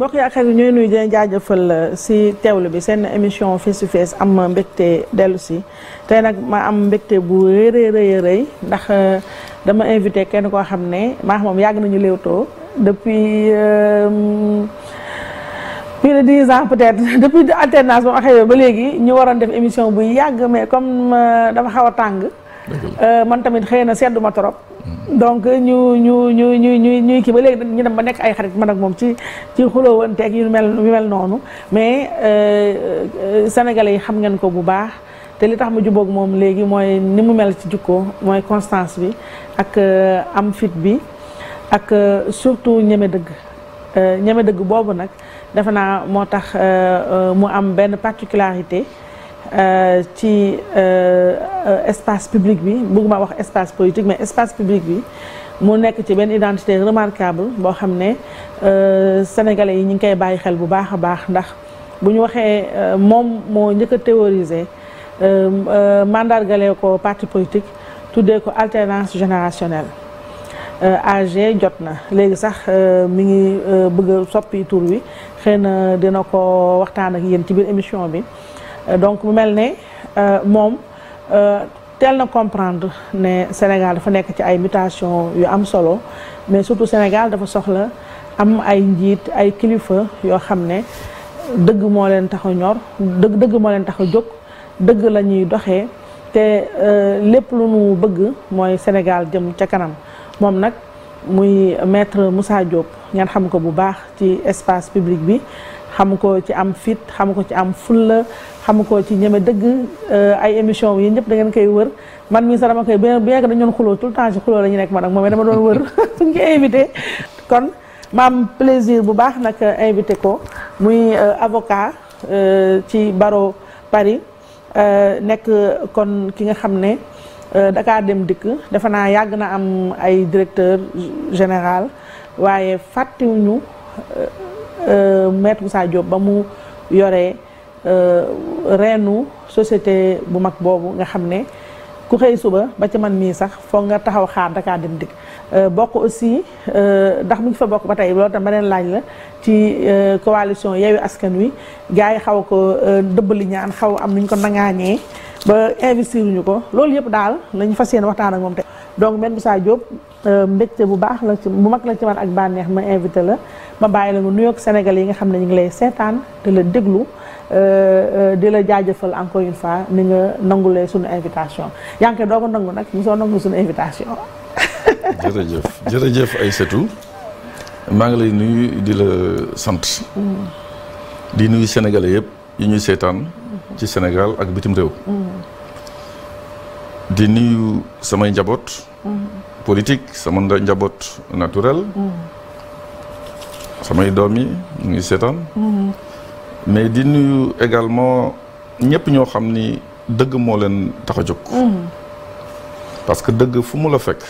mbokk yi ak xarit ñooy nuyu di jaajëfal euh, si teewlu bi seen émission face to face am mbégte dellu si te nag ma am mbégte bu rëy rëy rëy ndax euh, dama invité kenn koo xam ne maax moom yàgg nañu Leewtoo depuis euh, plus de dix ans peut-être depuis alternance ba ma xëyee ba léegi ñu waroon def émission buy yàgg mais comme dafa xaw a tàng. Euh, man tamit xëyee na sedduma trop donc ñu ñu ñu ñu ñu ñuy kii ba léegi ñu dem ba nekk ay xarit man ak moom ci ci xulóowanteeg yu mel yu mel noonu mais euh, euh, sénégalais yi xam ngeen ko bu baax te li tax ma jubóog moom léegi mooy ni mu mel ci jukko mooy constance bi ak am fit bi ak surtout ñeme dëgg ñeme dëgg boobu nag defe naa moo tax mu am benn particularité Euh, ci euh, euh, espace public bi bëgguma wax espace politique mais espace public bi mu nekk ci benn identité remarquable boo xam ne sénégalais yi ñu ngi koy bàyyi xel bu baax a baax ndax bu ñu waxee moom moo njëkk a théorisé mandargalee ko parti politique tuddee ko alternance générationnelle AG jot na léegi sax mi ngi bëgg a soppi tur wi xëy na dina ko waxtaan ak yéen ci biir émission bi Euh, donc mu mel ne euh, moom euh, teel na comprendre ne Sénégal dafa nekk ci ay mutation yu am solo mais surtout Sénégal dafa soxla am ay njiit ay kilifa yoo xam ne dëgg moo leen tax a ñor dëgg dëgg moo leen tax a jóg dëgg la ñuy doxee te lépp lu nu bëgg mooy Sénégal jëm ca kanam moom nag muy metre Moussa Diop ngeen xam ko bu baax ci espace public bi xam ko ci am fit xam ko ci am fulla xam ko ci ñeme dëgg euh, ay émission yi ñëpp da ngeen koy wër man mii sax dama koy bien bien que dañu doon xuloo tout le temps ci xuloo la ñu nekk man ak moom dama doon wër fu ñu invité. kon ma am plaisir bu baax nag euh, invité ko muy euh, avocat ci barreau Paris nekk kon ki nga xam ne Dakar Dem Dikk defe naa yàgg na am ay directeur général waaye fàttewuñu Euh, maître saa Diop ba mu yoree euh, reenu société bu mag boobu nga xam ne ku xëy suba ba ci man mii sax foog nga taxaw xaar Dakar Dem Dikk euh, bokk aussi ndax mu ngi fa bokk ba tey loolu tam beneen laaj la ci coalition Yewwi Askan Wi gars yi xaw ko dëbbali ñaan xaw am nuñ ko nangañee ba investir ñu ko loolu yëpp daal lañ fas yéene waxtaan ak moom te donc maître Moussa Diop Euh, mbégte bu baax la ci mag la ci man ak bànneex ma invité la ma bàyyi la nga nuyoog Sénégal yi nga xam ne ñu ngi lay seetaan di la déglu euh, euh, di la jaajëfal encore une fois ni nga nangulee suñu invitation yaa ngi koy doog a nangu nag mosoo nangu suñu invitation. jërëjëf ay Aïssatou maa ngi lay nuyu di la sant. Mm-hmm. di nuyu sénégalais yëpp yu ñuy seetaan. Mm-hmm. ci Sénégal ak bitim réew. Mm-hmm. di nuyu samay njaboot. politique sama njaboot naturel. Mm. samay doom yi mu ngi seetaan. Mm. mais di nuyu également ñëpp ñoo xam ni dëgg moo leen tax a jóg. Mm. parce que dëgg fu mu la fekk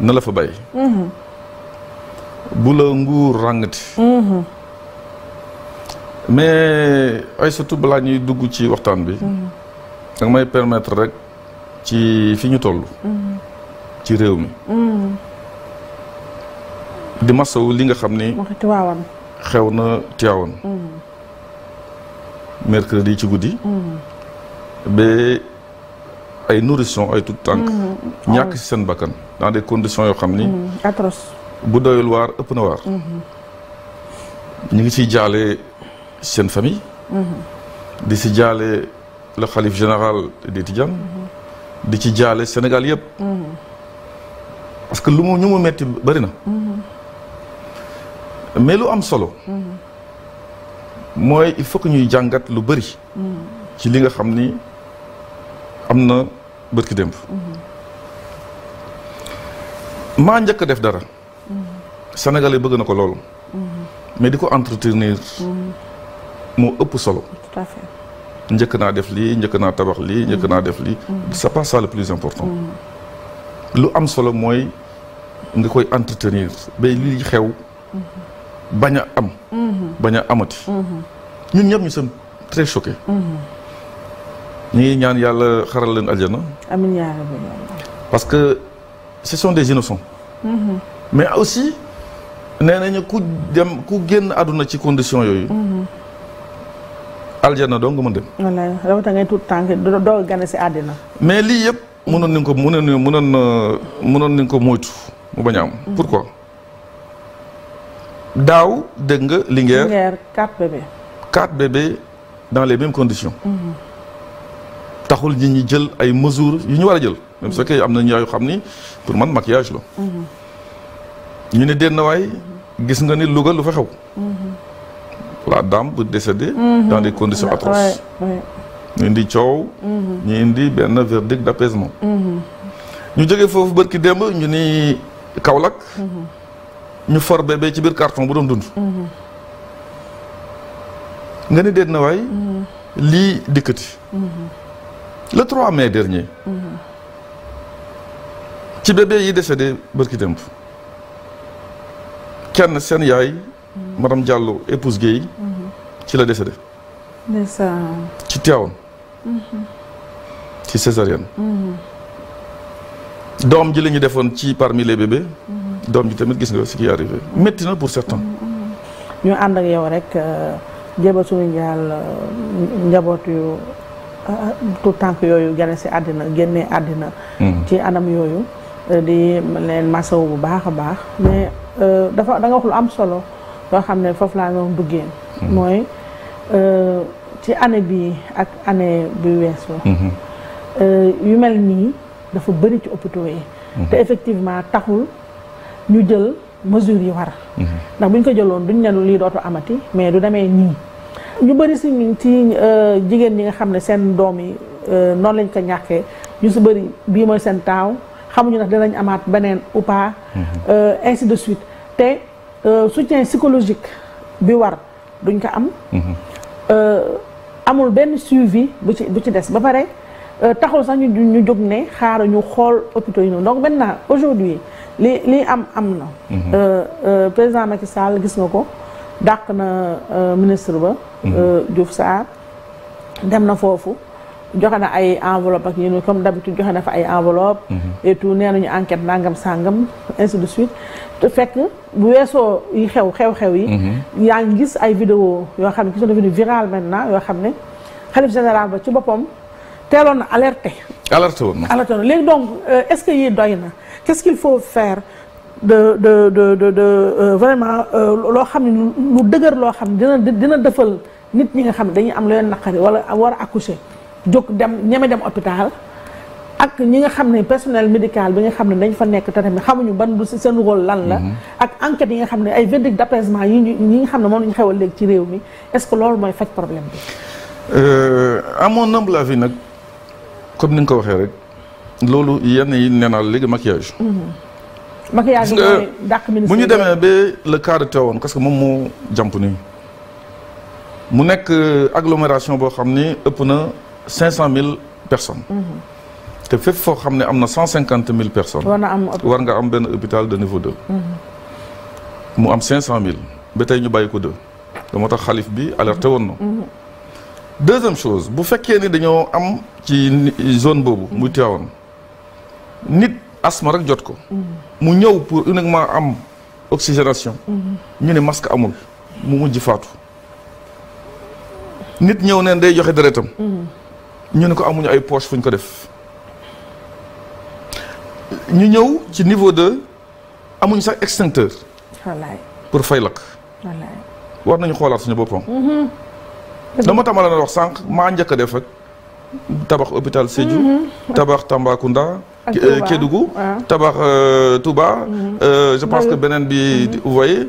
na la fa bay. Mm-hmm. bu la nguur ràngati. Mm-hmm. mais ay surtout balaa ñuy dugg ci waxtaan bi. Mm-hmm. danga may permettre rek ci fi ñu toll. ci réew mi. di masow li nga xam ni. xew na Tiwaawan. Mm. mercredi ci guddi. Mm. ba ay nourrissons ay tout tànk. Mm. ñàkk ci seen bakkan dans des conditions yoo xam ni. atroce. bu doyul ëpp na waar. Mm-hmm. ñu ngi ciy jaale seen famille. Mm-hmm. di si jaale le xalif général des Tidianes. Mm-hmm. di ci jaale Sénégal yëpp. que lu mu ñu mu metti bëri na mm-hmm. mais lu am solo mm-hmm. mooy il faut que ñuy jàngat lu bari mm-hmm. ci li nga xam ni am na bërki démb maa njëkk def dara sénégalais bëgg na ko loolu mais di ko entretenir moo ëpp solo njëkk naa def lii njëkk naa tabax lii njëkk naa def lii c'est pas le plus important lu am solo mooy nga koy entretenir ba li xew bañ a am bañ a amati ñun ñëpp ñu sommes très choqués ñu ngi ñaan yàlla xaral leen aljana amiin yaa rabbi parce que ce des innocents mais aussi nee nañu ku dem ku génn àdduna ci condition yooyu aljana doo nga mën dem wallaay rawatina ngay tuut tànk doo gane si àddina mais lii yëpp mënoon nañ ko mënoon mënoon mënoon nañ ko moytu mu bañ a am. Mm. pourquoi daaw dégg nga Linguère. Linguère 4 bébés. 4 bébés dans les mêmes conditions. Mm-hmm. taxul ñi ñi jël ay mesures yu ñu war a jël. même su fekkee am na ñaayu xam ni pour man maquillage la. Mm-hmm. ñu ne denn waay mm-hmm. gis nga ni Louga lu fa xew. la dame bu décédée. dans des conditions atroces. ñu indi coow. ñu indi benn verdict d'apaisement. ñu jógee foofu barki démb ñu ni Kaolack. ñu for bébé ci biir carton bu doon dund. nga ni déet na waay. lii dikkati. le 3 mai dernier. ci bébé yi décédé barki démb kenn seen yaay. madame Diallo épouse Guèye. ci la décédé. ci teewoon. ci césarienne. doom ji la ñu defoon ci parmi les bébés. doom ji tamit gis nga ce qui est arrivé métti na pour certains. ñu ànd ak yow rek euh, jébal suñu njaal euh, njaboot yu euh, tout tànk yooyu gane si àddina génnee àddina. Hmm. ci anam yooyu di leen masaw bu baax a baax mais dafa da nga wax lu am solo loo xam ne foofu laa doon duggee. Hmm. mooy ci année bii ak année bi weesoo mhm. euh, yu mel nii dafa bëri ci hôpitaux yi mhm. te effectivement taxul ñu jël mesures yi war mhm. ndax bu ñu ko jëloon duñ ne lii dootu amati mais du demee nii ñu bëri si ñun ci euh, jigéen ñi nga xam ne seen doom yi euh, noonu lañ ko ñàkkee ñu si bëri bii mooy seen taaw xamuñu ndax dinañ amaat beneen ou pas ainsi de suite te soutien psychologique bi war duñ ko am Euh, amul benn suivi bu ci bu ci des ba pare euh, taxul sax ñu ñu jóg ne xaar ñu xool hôpitaux yi noonu donc maintenant aujourd'hui li li am am na. Mhm. Euh, président Macky Sall gis nga ko dàq na ministre ba. Mhm. Diouf Sarr dem na foofu. joxe na ay enveloppe ak yéen comme d'habitude joxe na fa ay enveloppe mhm. et tout nañu enquête nangam sàngam ainsi de suite fekk bu weesoo yi xew xew-xew yi mhm. yaa ngi gis ay vidéo yoo xam ne qui sont devenues virales maintenant yoo xam ne xalif général ba ci boppam teeloon na alerte alerté woon na léegi donc euh, est-ce que yii doy na qu'est-ce qu'il faut faire de de de de euh, vraiment euh, loo xam ne lu dëgër loo xam ne dina dina defal nit ñi nga xam ne dañuy am lu leen naqari wala war a accoucher jóg dem ñeme dem hôpital ak ñi nga xam ne personnel médical bi nga xam ne dañ fa nekk te tamit xamuñu ban du seen rôle lan la. Mm-hmm. ak enquête yi nga xam ne ay verdict d'apaisement yi ñu ñi nga xam ne moom la ñu xewal léegi ci réew mi est-ce que loolu mooy faj problème bi. Euh, à mon humble avis nag comme ni nga ko waxee rek loolu yenn yi nee naa léegi maquillage. Mm-hmm. maquillage mooy dàq ministre bu ñu demee ba le cas de Tivaouane parce que moom moo jàmp nii mu nekk agglomération boo xam ni ëpp na. cinq cent mille personnes. Mm-hmm. te fépp foo xam ne am na cent cinquante mille personnes. war na am war nga am benn hôpital de niveau deux. Mm-hmm. mu am cinq cent mille ba tey ñu bàyyi ko deux. moo tax xalif bi alerté woon na. Mm-hmm. chose bu fekkee ni dañoo am ci zone boobu. muy Tivaouane nit asma rek jot ko. mu ñëw pour uniquement am oxygénation. ñu ne masque amul mu mujj faatu. nit ñëw neen day joxe deretam. ñu ne ko amuñu ay poche fu ko def ñu ñëw ci niveau de amuñu sax extincteur. pour fay lakk. war nañu xoolaat suñu boppam. Mm-hmm. dama tamala na wax sànq maa njëkk a def ak tabax hôpital Sédhiou. Mm-hmm. tabax Tambacounda. Kédougou tabax euh, Touba. Mm-hmm. Euh, je pense que beneen bi vous voyez.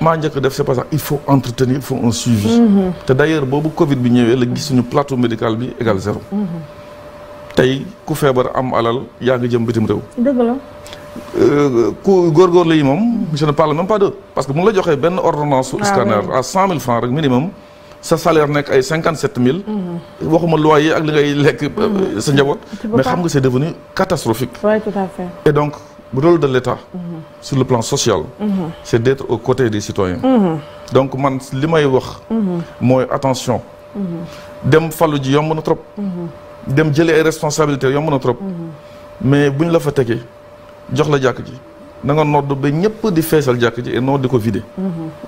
maa njëkk def c'est parce que il faut entretenir il faut un suivi. Mhm. te d'ailleurs boobu Covid bi ñëwee la gis suñu plateau médical bi égal zéro. Mhm. tey ku feebar am alal yaa ngi jëm bitim réew. dëgg la. Euh, ku yi moom je ne parle même pas d'eux parce que mu la joxee benn ordonnance. Ah scanner à cent mille francs rek minimum. sa salaire nekk ay cinquante sept mille. Mhm. waxuma loyer ak li ngay lekk. Euh, sa njaboot mais xam nga c'est devenu catastrophique. bu rôle de l'État sur le plan social c'est d'être aux côtés des citoyens donc man li may wax mooy attention dem falu ji yomb na trop dem jëlee ay responsabilités yomb na trop mais buñ la fa tegee jox la jàkk ji na nga nodd ba ñëpp di feesal jàkk ji et non di ko vider.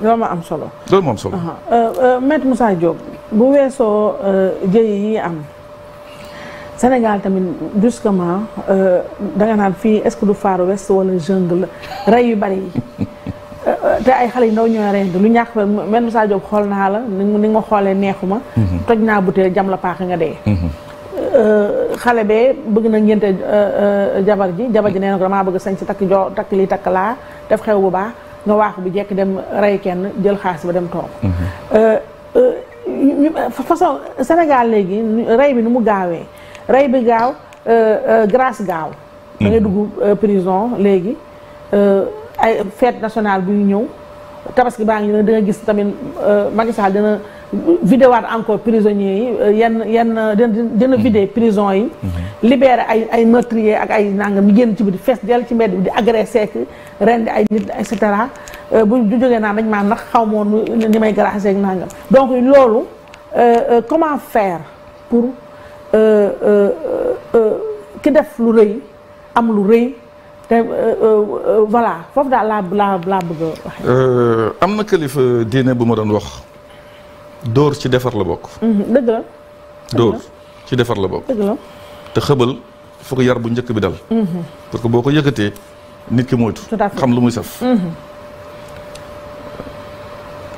loolu am solo. loolu ma am solo. Euh, euh, Maître Moussa Diop bu weesoo euh, jëy yi am. Sénégal tamit brusquement euh, danga naan fii est-ce que du Far West wala jungle rey yu bari yi euh, euh, te ay xale yu ndaw ñooy reyante lu ñàkk mel xool naa la ni ni nga xoolee neexuma. Mm-hmm. toj naa butéel jam la paaka nga dee. Mm-hmm. xale bee bëgg na ngénte jabar ji jabar ji nee na ko damaa bëgg sañ si takk joo takk lii takk laa def xew bu baax nga waaxu bu jekk dem rey kenn jël xaalis ba dem toog. Mm-hmm. façon Sénégal léegi rey bi nu mu gaawee. rey bi gaaw euh, euh, grâce gaaw da ngay mhm. dugg euh, prison léegi ay fête nationale buy ñëw tabaski baa ngi ne da gis tamit Macky Sall dina vidéwaat encore prisonniers yi yenn yenn dina dina mhm. vidé prison yi mhm. libéré ay ay meurtrier ak ay nangam ñu génn ci bi fees dell ci mbedd bi di agressé ak rendi ay nit et cetera bu ñu jógee naa dañ maa ndax xaw moon ni may grâce ak nangam donc loolu comment faire pour Euh, euh, euh, ki def lu rëy am lu rëy te voilà foofu daal laa laa am na kilifa diine bu ma doon wax. dóor ci defar la bokk. Mhm, dëgg la. dóor ci defar la bokk. te xëbal foog yar bu njëkk bi dal. Mhm. parce que boo ko yëkkatee nit ki moytu. xam lu muy saf. Mhm.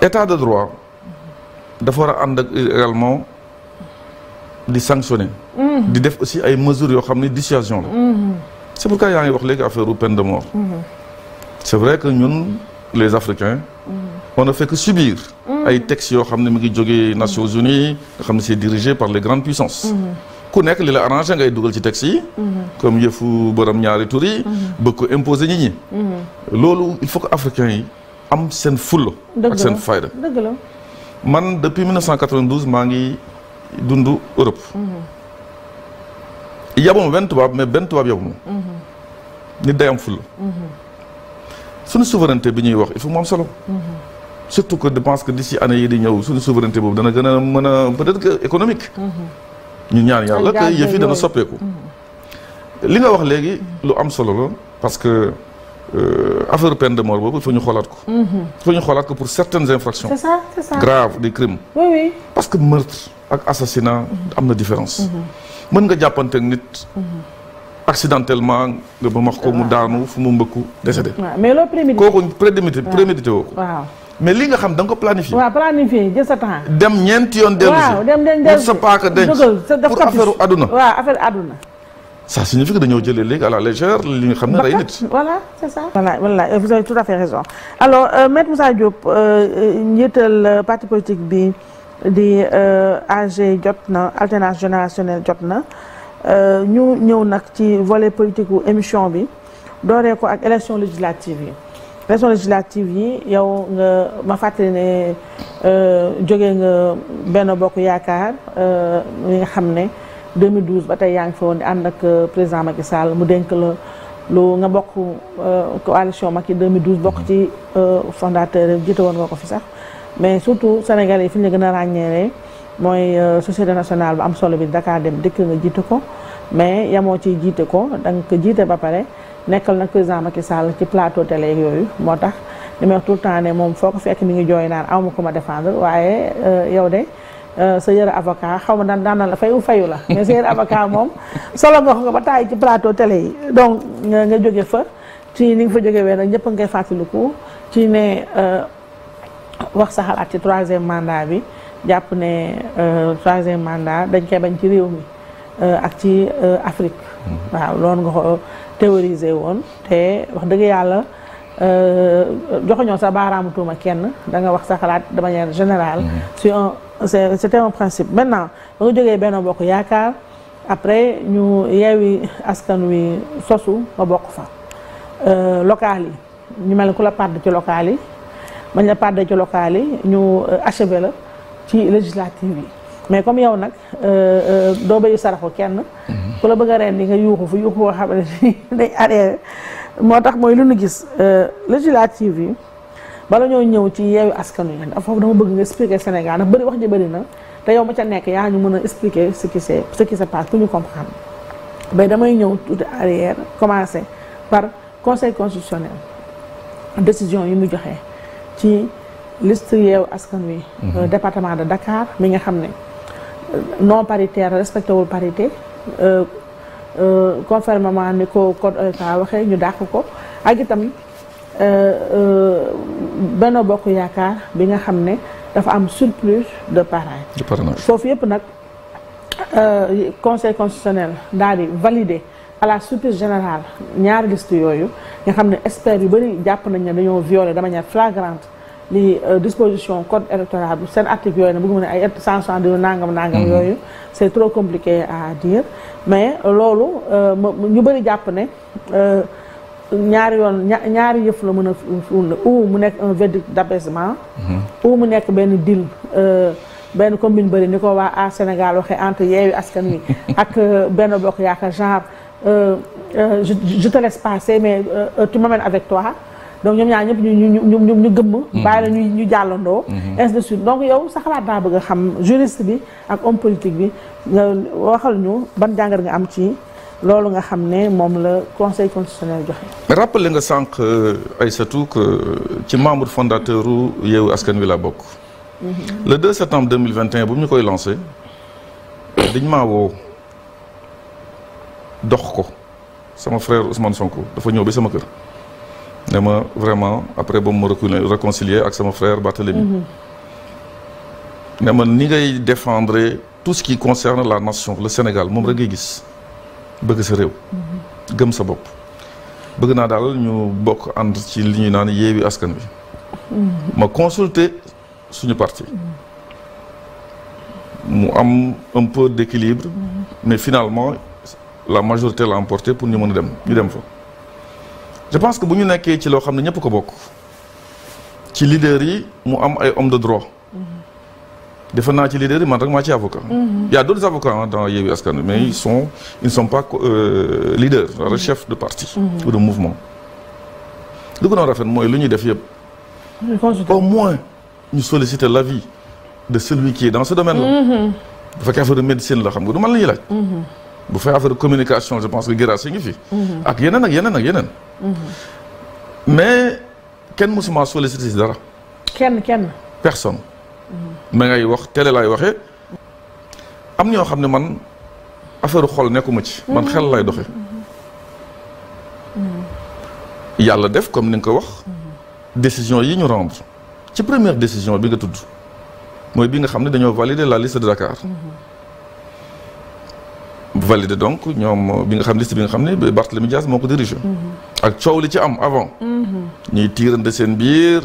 état de droit dafa war a ànd également. di sanctionner. Mm-hmm. di def aussi ay mesures yoo xam ne dissuasion la. Mm-hmm. c' est pourquoi yaa ngi wax léegi affaire peine de mort. Mm-hmm. c' est que ñun les africains. on a fekk que subir. ay textes yoo xam ne mu ngi jógee Nations Unies nga xam ne c' est dirigé par les grandes puissances. ku nekk li la arrangé ngay dugal ci texte yi. comme yëfu borom ñaari tur yi. bëgg ko imposer nit ñi. loolu il faut que africains yi am seen fulla ak seen fayda. man depuis 1992 maa ngi. dund Europe. yabuma benn tubaab mais benn tubaab yabuma. nit day am ful. suñu souveraineté bi ñuy wax il faut mu am solo. surtout que je pense que d'ici année yi di ñëw suñu souveraineté boobu dana gën a mën a peut-être que économique. ñu ñaan yàlla te yëf yi soppeeku. li nga wax léegi lu am solo la parce que. Euh, affaire peine de mort boobu il faut ñu xoolaat ko. Mhm. il faut ñu xoolaat ko pour certaines infractions. c'est ça c'est ça parce que meurtre ak assassinat mhm. am na différence. Mhm. mën nga jàppante ak nit. accidentellement nga ba max ko mu daanu fu mu mbëkku décédé. mais loolu prémédité kooku prémédité prémédité woo ko. mais li nga xam da ko planifié. waaw planifié jël sa dem ñeenti yoon dellu si. waaw dem sa paaka denc. pour affaire aduna. ça signifie que dañoo jëlee léegi à la légère li nga xam alors euh, maître Moussa Diop euh, euh, euh, bi di AG jot na alternance jot na ñu ñëw nag ci volet politique gu émission bi dooree ko ak élection législative yi. élection législative yi yow nga ma fàttali ne jóge nga benn bokk yaakaar mi nga xam ne. 2012 ba tey yaa ngi fa woon di ànd ak euh, président Macky Sall mu denk la lu nga bokk euh, coalition Macky 2012 bokk ci euh, fondateur yi jiite woon nga ko fi sax mais surtout Sénégalais yi fi ñu la gën a ràññeeree mooy société nationale bu am solo bi Dakar dem dëkk nga jiite ko mais yamoo ci jiite ko da nga ko jiite ba pare nekkal nag président Macky Sall ci plateau télé yooyu moo tax li may wax tout le temps ne moom foo ko fekk mi ngi jooy naan aw ma ko ma défendre waaye yow de. Euh, sa yëre avocat xaw ma daan daan na la fayu fayu la nga sa yëre avocat moom solo nga ko ba taay ci plateau télé yi donc nga jóge fa ci ni fa jóge wee nag ñëpp a ngay fàttaliku ci ne euh, wax sa xalaat ci troisième mandat bi jàpp ne euh, troisième mandat dañ koy bañ ci réew mi ak ci Afrique mm-hmm. waaw loolu nga ko théorisé woon te wax dëgg yàlla Euh, joxoñoo sa baaraamu tuuma kenn da wax sa xalaat de manière générale. Mm-hmm. sur un c'était un principe maintenant ba nga jógee Benno Bokk Yaakaar après ñu Yewwi Askan Wi sosu nga bokk fa. Euh, local yi ñu mel ne ku la pàdd ci local yi mañ la pàddee ci local yi ñu euh, achevé la ci législative yi mais comme yow nag doo béyu saraxu kenn mm-hmm. ku la bëgg a reen di yuuxu fu yuuxu boo xam ne day arrêté. moo tax mooy lu nu gis euh, législative yi bala ñoo ñëw ci yeewu askan wi ndax foofu dama bëgg nga expliquer Sénégal ndax bëri wax ji bëri na te yow ma ca nekk yaa ñu mën a expliquer ce qui se ce qui se passe pour ñu comprendre mais damay ñëw tuuti arrière commencé par conseil constitutionnel décision yi mu joxe ci liste yeewu askan wi. Mhm. Euh, département de Dakar mi nga xam ne euh, non paritaire respecté wul parité. Euh, conformément ni ko code OFA waxee ñu dàq ko ak itam euh, euh, benn Bokk Yaakaar bi nga xam ne dafa am surplus de parrainage foofu yëpp nag conseil constitutionnel daal di validé à la surprise générale ñaari liste yooyu nga xam ne experts yu bëri jàpp nañu ne dañoo violé de manière flagrante li euh, disposition code électoral bu seen article yooyu na bëgg ne ay cent soixante-deux nangam nangam mhm. yooyu c'est trop compliqué à dire mais euh, loolu euh, ñu bëri jàpp ne ñaari yoon ñaari yëf la mën a fuul mu nekk un verdict d'apaisement mhm. ou mu nekk benn deal benn combine bari ni ko waa à Sénégal waxee entre Yewwi Askan Wi ak Benno Bokk Yaakaar genre je te laisse passer mais tu m'amènes avec toi donc ñoom ñaar ñëpp ñu ñu ñu ñu gëmm. Mm-hmm. bàyyi la ñu ñu jàllandoo. Mm-hmm. ainsi suite donc yow sa xalaat laa bëgg a xam juriste bi ak homme politique bi nga waxal ñu ban jàngar nga am ci loolu nga xam ne moom la conseil constitutionnel joxe. rappelé nga sànq euh, Aïssatou que euh, ci membre fondateur u Askan Wi laa bokk. Mm-hmm. le 2 septembre 2021 bu ñu koy lancé dañ maa woo dox ko sama frère Ousmane Sonko dafa ñëw bi sama kër. ne ma vraiment après ba mu ma réconcilier ak sama frère Barthélemy. Mhm. ne ma ni ngay défendre tout ce qui concerne la nation le Sénégal moom rek ngay gis bëgg sa réew. Mhm. gëm sa bopp. bëgg naa daal ñu bokk ànd ci li ñuy naan yeewi askan wi. Mhm. ma consulter suñu parti. mu am un peu d'équilibre. mais finalement la majorité l'a emporté pour ñu mën a dem ñu dem fa. je pense que bu ñu nekkee ci loo xam ne ñëpp ko bokk ci leader yi mu am ay homme de droit defe naa ci leader yi man rek maa ci avocat. Mhm. y' a d' autres dans Yewwi Askan Wi mais ils sont ils ne sont pas euh, leaders mhm. de parti. Mhm. ou de mouvement. li ko doon rafet mooy lu ñuy def yëpp. au moins ñu solliciter l' avis de celui qui est dans ce domaine là. bu fekkee affaire médecine la xam nga du man la laaj. bu fekkee affaire communication je pense que Guirassy ngi fi. ak yeneen ak yeneen. mais kenn mosuma sollicité si dara. kenn kenn. personne. ma ngay wax télé laay waxee. am ñoo xam ne man affaire xol nekkuma ci. man xel lay doxe yàlla def comme ni nga ko wax. décision yi ñu rendre. ci première décision bi nga tudd mooy bi nga xam ne dañoo valider la liste de Dakar. validé donc ñoom bi nga xam liste bi nga xam ne Barthélemy moo ko dirigé. Mhm. ak coow li ci am avant. Mhm. ñuy tiirante seen biir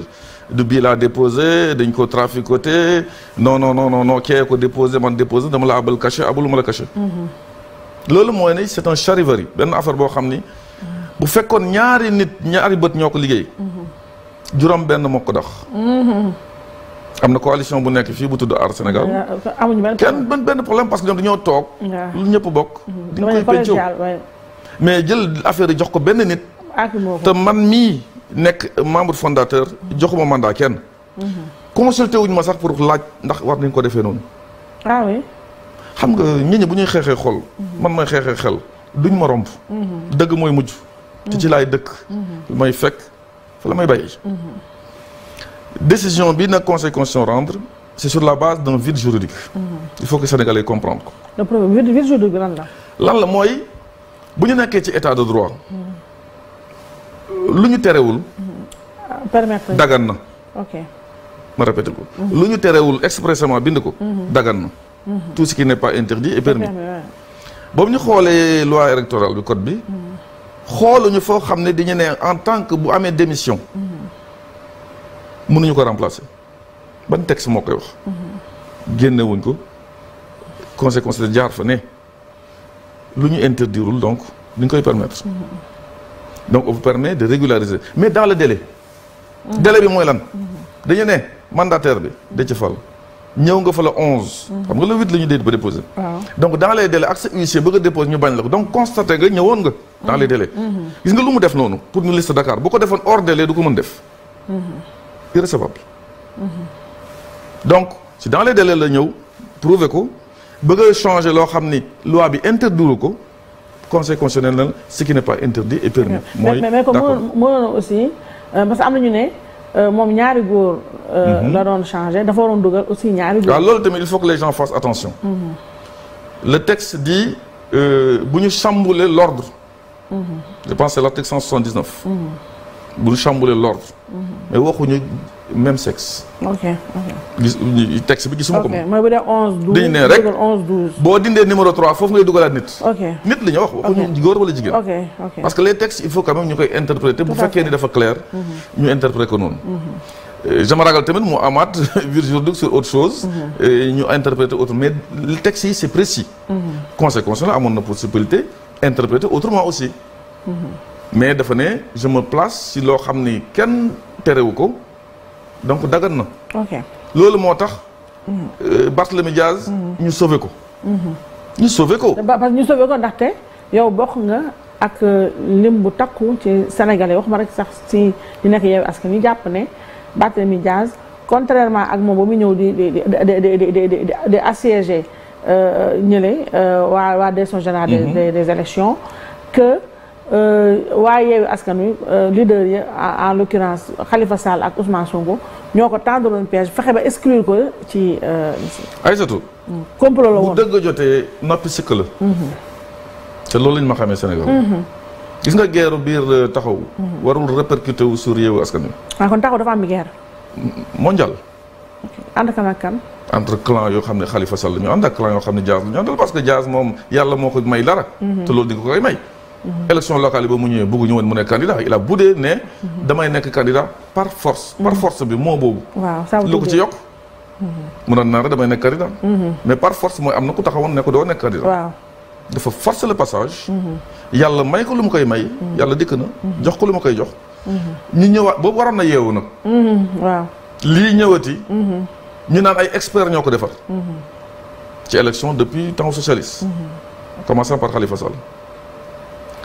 du bii laa déposé dañ ko traficoté non non non non kee ko déposé man déposé dama la abal caché abaluma la caché. Mhm. loolu mooy ne c'est un charivari benn affaire boo xam ni. bu fekkoon ñaari nit ñaari bët ñoo ko liggéey. juróom benn moo ko am na coalition bu nekk fii bu tudd Aar Sénégal. amuñu benn problème kenn benn problème parce que ñoom dañoo toog. lu bokk. Mhm. di koy peccoo mais jël affaire yi jox ko benn nit. te man mii nekk membre fondateur joxuma mandat kenn. Mhm. consulté wuñ ma sax pour laaj ndax war nañ ko defee noonu. ah xam nga ñi bu ñuy xeexee xol. Mhm. man mooy xeexee xel duñ ma romb. dëgg mooy mujj. ci ci laay dëkk. may fekk fa la may bàyyi. décision bi nag conseil constitutionnel rendre c' sur la base d'un vide juridique. il faut que sénégalais comprendre ko. le vide juridique lan la. lan la mooy bu ñu nekkee ci état de droit. lu ñu terewul. permettre dagan na. ok ma répété ko. lu ñu terewul expressément bind ko. dagan na. tout ce qui n' pas interdit est permis boobu ñu xoolee loi électorale bi code bi. xooluñu foo xam ne dañu ne en tant que bu amee démission. Mm. mënuñu ko remplacer ban texte moo koy wax. génnewuñ ko conséquence de jaar fa ne lu ñu interdirul donc duñ koy permettre. donc on vous permet de régulariser mais dans le délai. délai bi mooy lan. dañu ne mandataire bi da ci fal. ñëw nga fa la 11. xam nga le 8 la ñu déglu ba déposé. donc dans les ak sa huissier bëgg a ñu bañ la ko donc constaté nga ñëwoon nga. dans les délais. Mhm. gis nga lu mu def noonu pour ñu liste Dakar bu ko defoon hors délai du ko mën def. irrecevable donc si dans les délais la ñëw prouver ko bëgg a changer loo xam ni loi bi interdire ko conseil constitutionnel la ce qui n'est pas interdit est permis mooy mais mais comme mënoon aussi euh, parce que am na ñu ne euh, moom ñaari góor euh, mhm. la doon changer dafa waroon dugal aussi ñaari góor waaw loolu tamit il faut que les gens fassent attention mhm. le texte dit bu ñu chambouler l'ordre mhm. je pense c'est l'article 179 bu ñu chambouler l'ordre mais waxuñu même sexe. ok ok. gis texte bi gisuma ko. ok mooy bu dee onze douze dañu ne rek boo dindee numéro trois foofu ngay dugalaat nit. ok nit la ñu wax. waxuñu góor wala jigéen. ok ok parce que les textes il faut quand même ñu koy interpréter. bu fekkee ni dafa clair. Mhm. ñu interpréter ko noonu. Mhm. Euh, jama tamit mu amaat vir juridique sur autre chose mhm. euh, ñu interpréter autre mais le yi c'est précis conseil constitutionnel amoon na possibilité interpréter autrement aussi mais dafa ne je me place si loo xam ni kenn terewu ko donc dagan na. ok loolu moo tax. Mhm. Euh, Barthélemy Diaz. Mhm. ñu sauvé ko. Mhm. ñu sauvé ko. parce que ñu sauvé ko ndaxte yow bokk nga ak euh, lim bu takku ci wax ma rek sax si di nekk yow askan wi jàpp ne Barthélemy Diaz contrairement ak moom ba mu ñëw di di di di di di assiégé euh, ñële waa waa direction des des élections que. Euh, waaye yeewi askan wi euh, leader yi en l'occurrence xalifa Sall ak Ousmane Sonko ñoo ko tendaloon piège fexe ba exclure ko ci. Euh, ay sa mm. la woon bu dëgg jotee noppi sikk la. Mm-hmm. te loolu lañ ma xamee Sénégal. Mm-hmm. gis nga guerre biir taxaw. Mm-hmm. warul répercuté wu sur yeewu askan wi. waaw ah, kon taxaw dafa am guerre. mondial. ànd kan ak kan. entre clan yoo xam ne Khalifa Sall ñu ànd ak clan yoo xam ne Diaz ñu àndal parce que Diaz moom yàlla moo ko may dara. te loolu élection locale yi ba mu ñëwee bëgguñu woon mu nekk candidat il a boudé ne. damay nekk candidat par force. par mm-hmm. force bi moo boobu. waaw lu ko ci yokk. mënoon naa ne damay nekk candidat. Mm-hmm. mais par force mooy am na ku taxawoon ne ko doo nekk candidat. waaw dafa forcer le passage. Mm-hmm. yàlla may ko lu mu koy may. yàlla dikk na jox ko lu ma koy jox. ñu ñëwaat boobu waroon na yeewu nag. waaw lii ñëwati. ñu naan ay experts ñoo ko defar. ci élection depuis temps socialiste. commençant par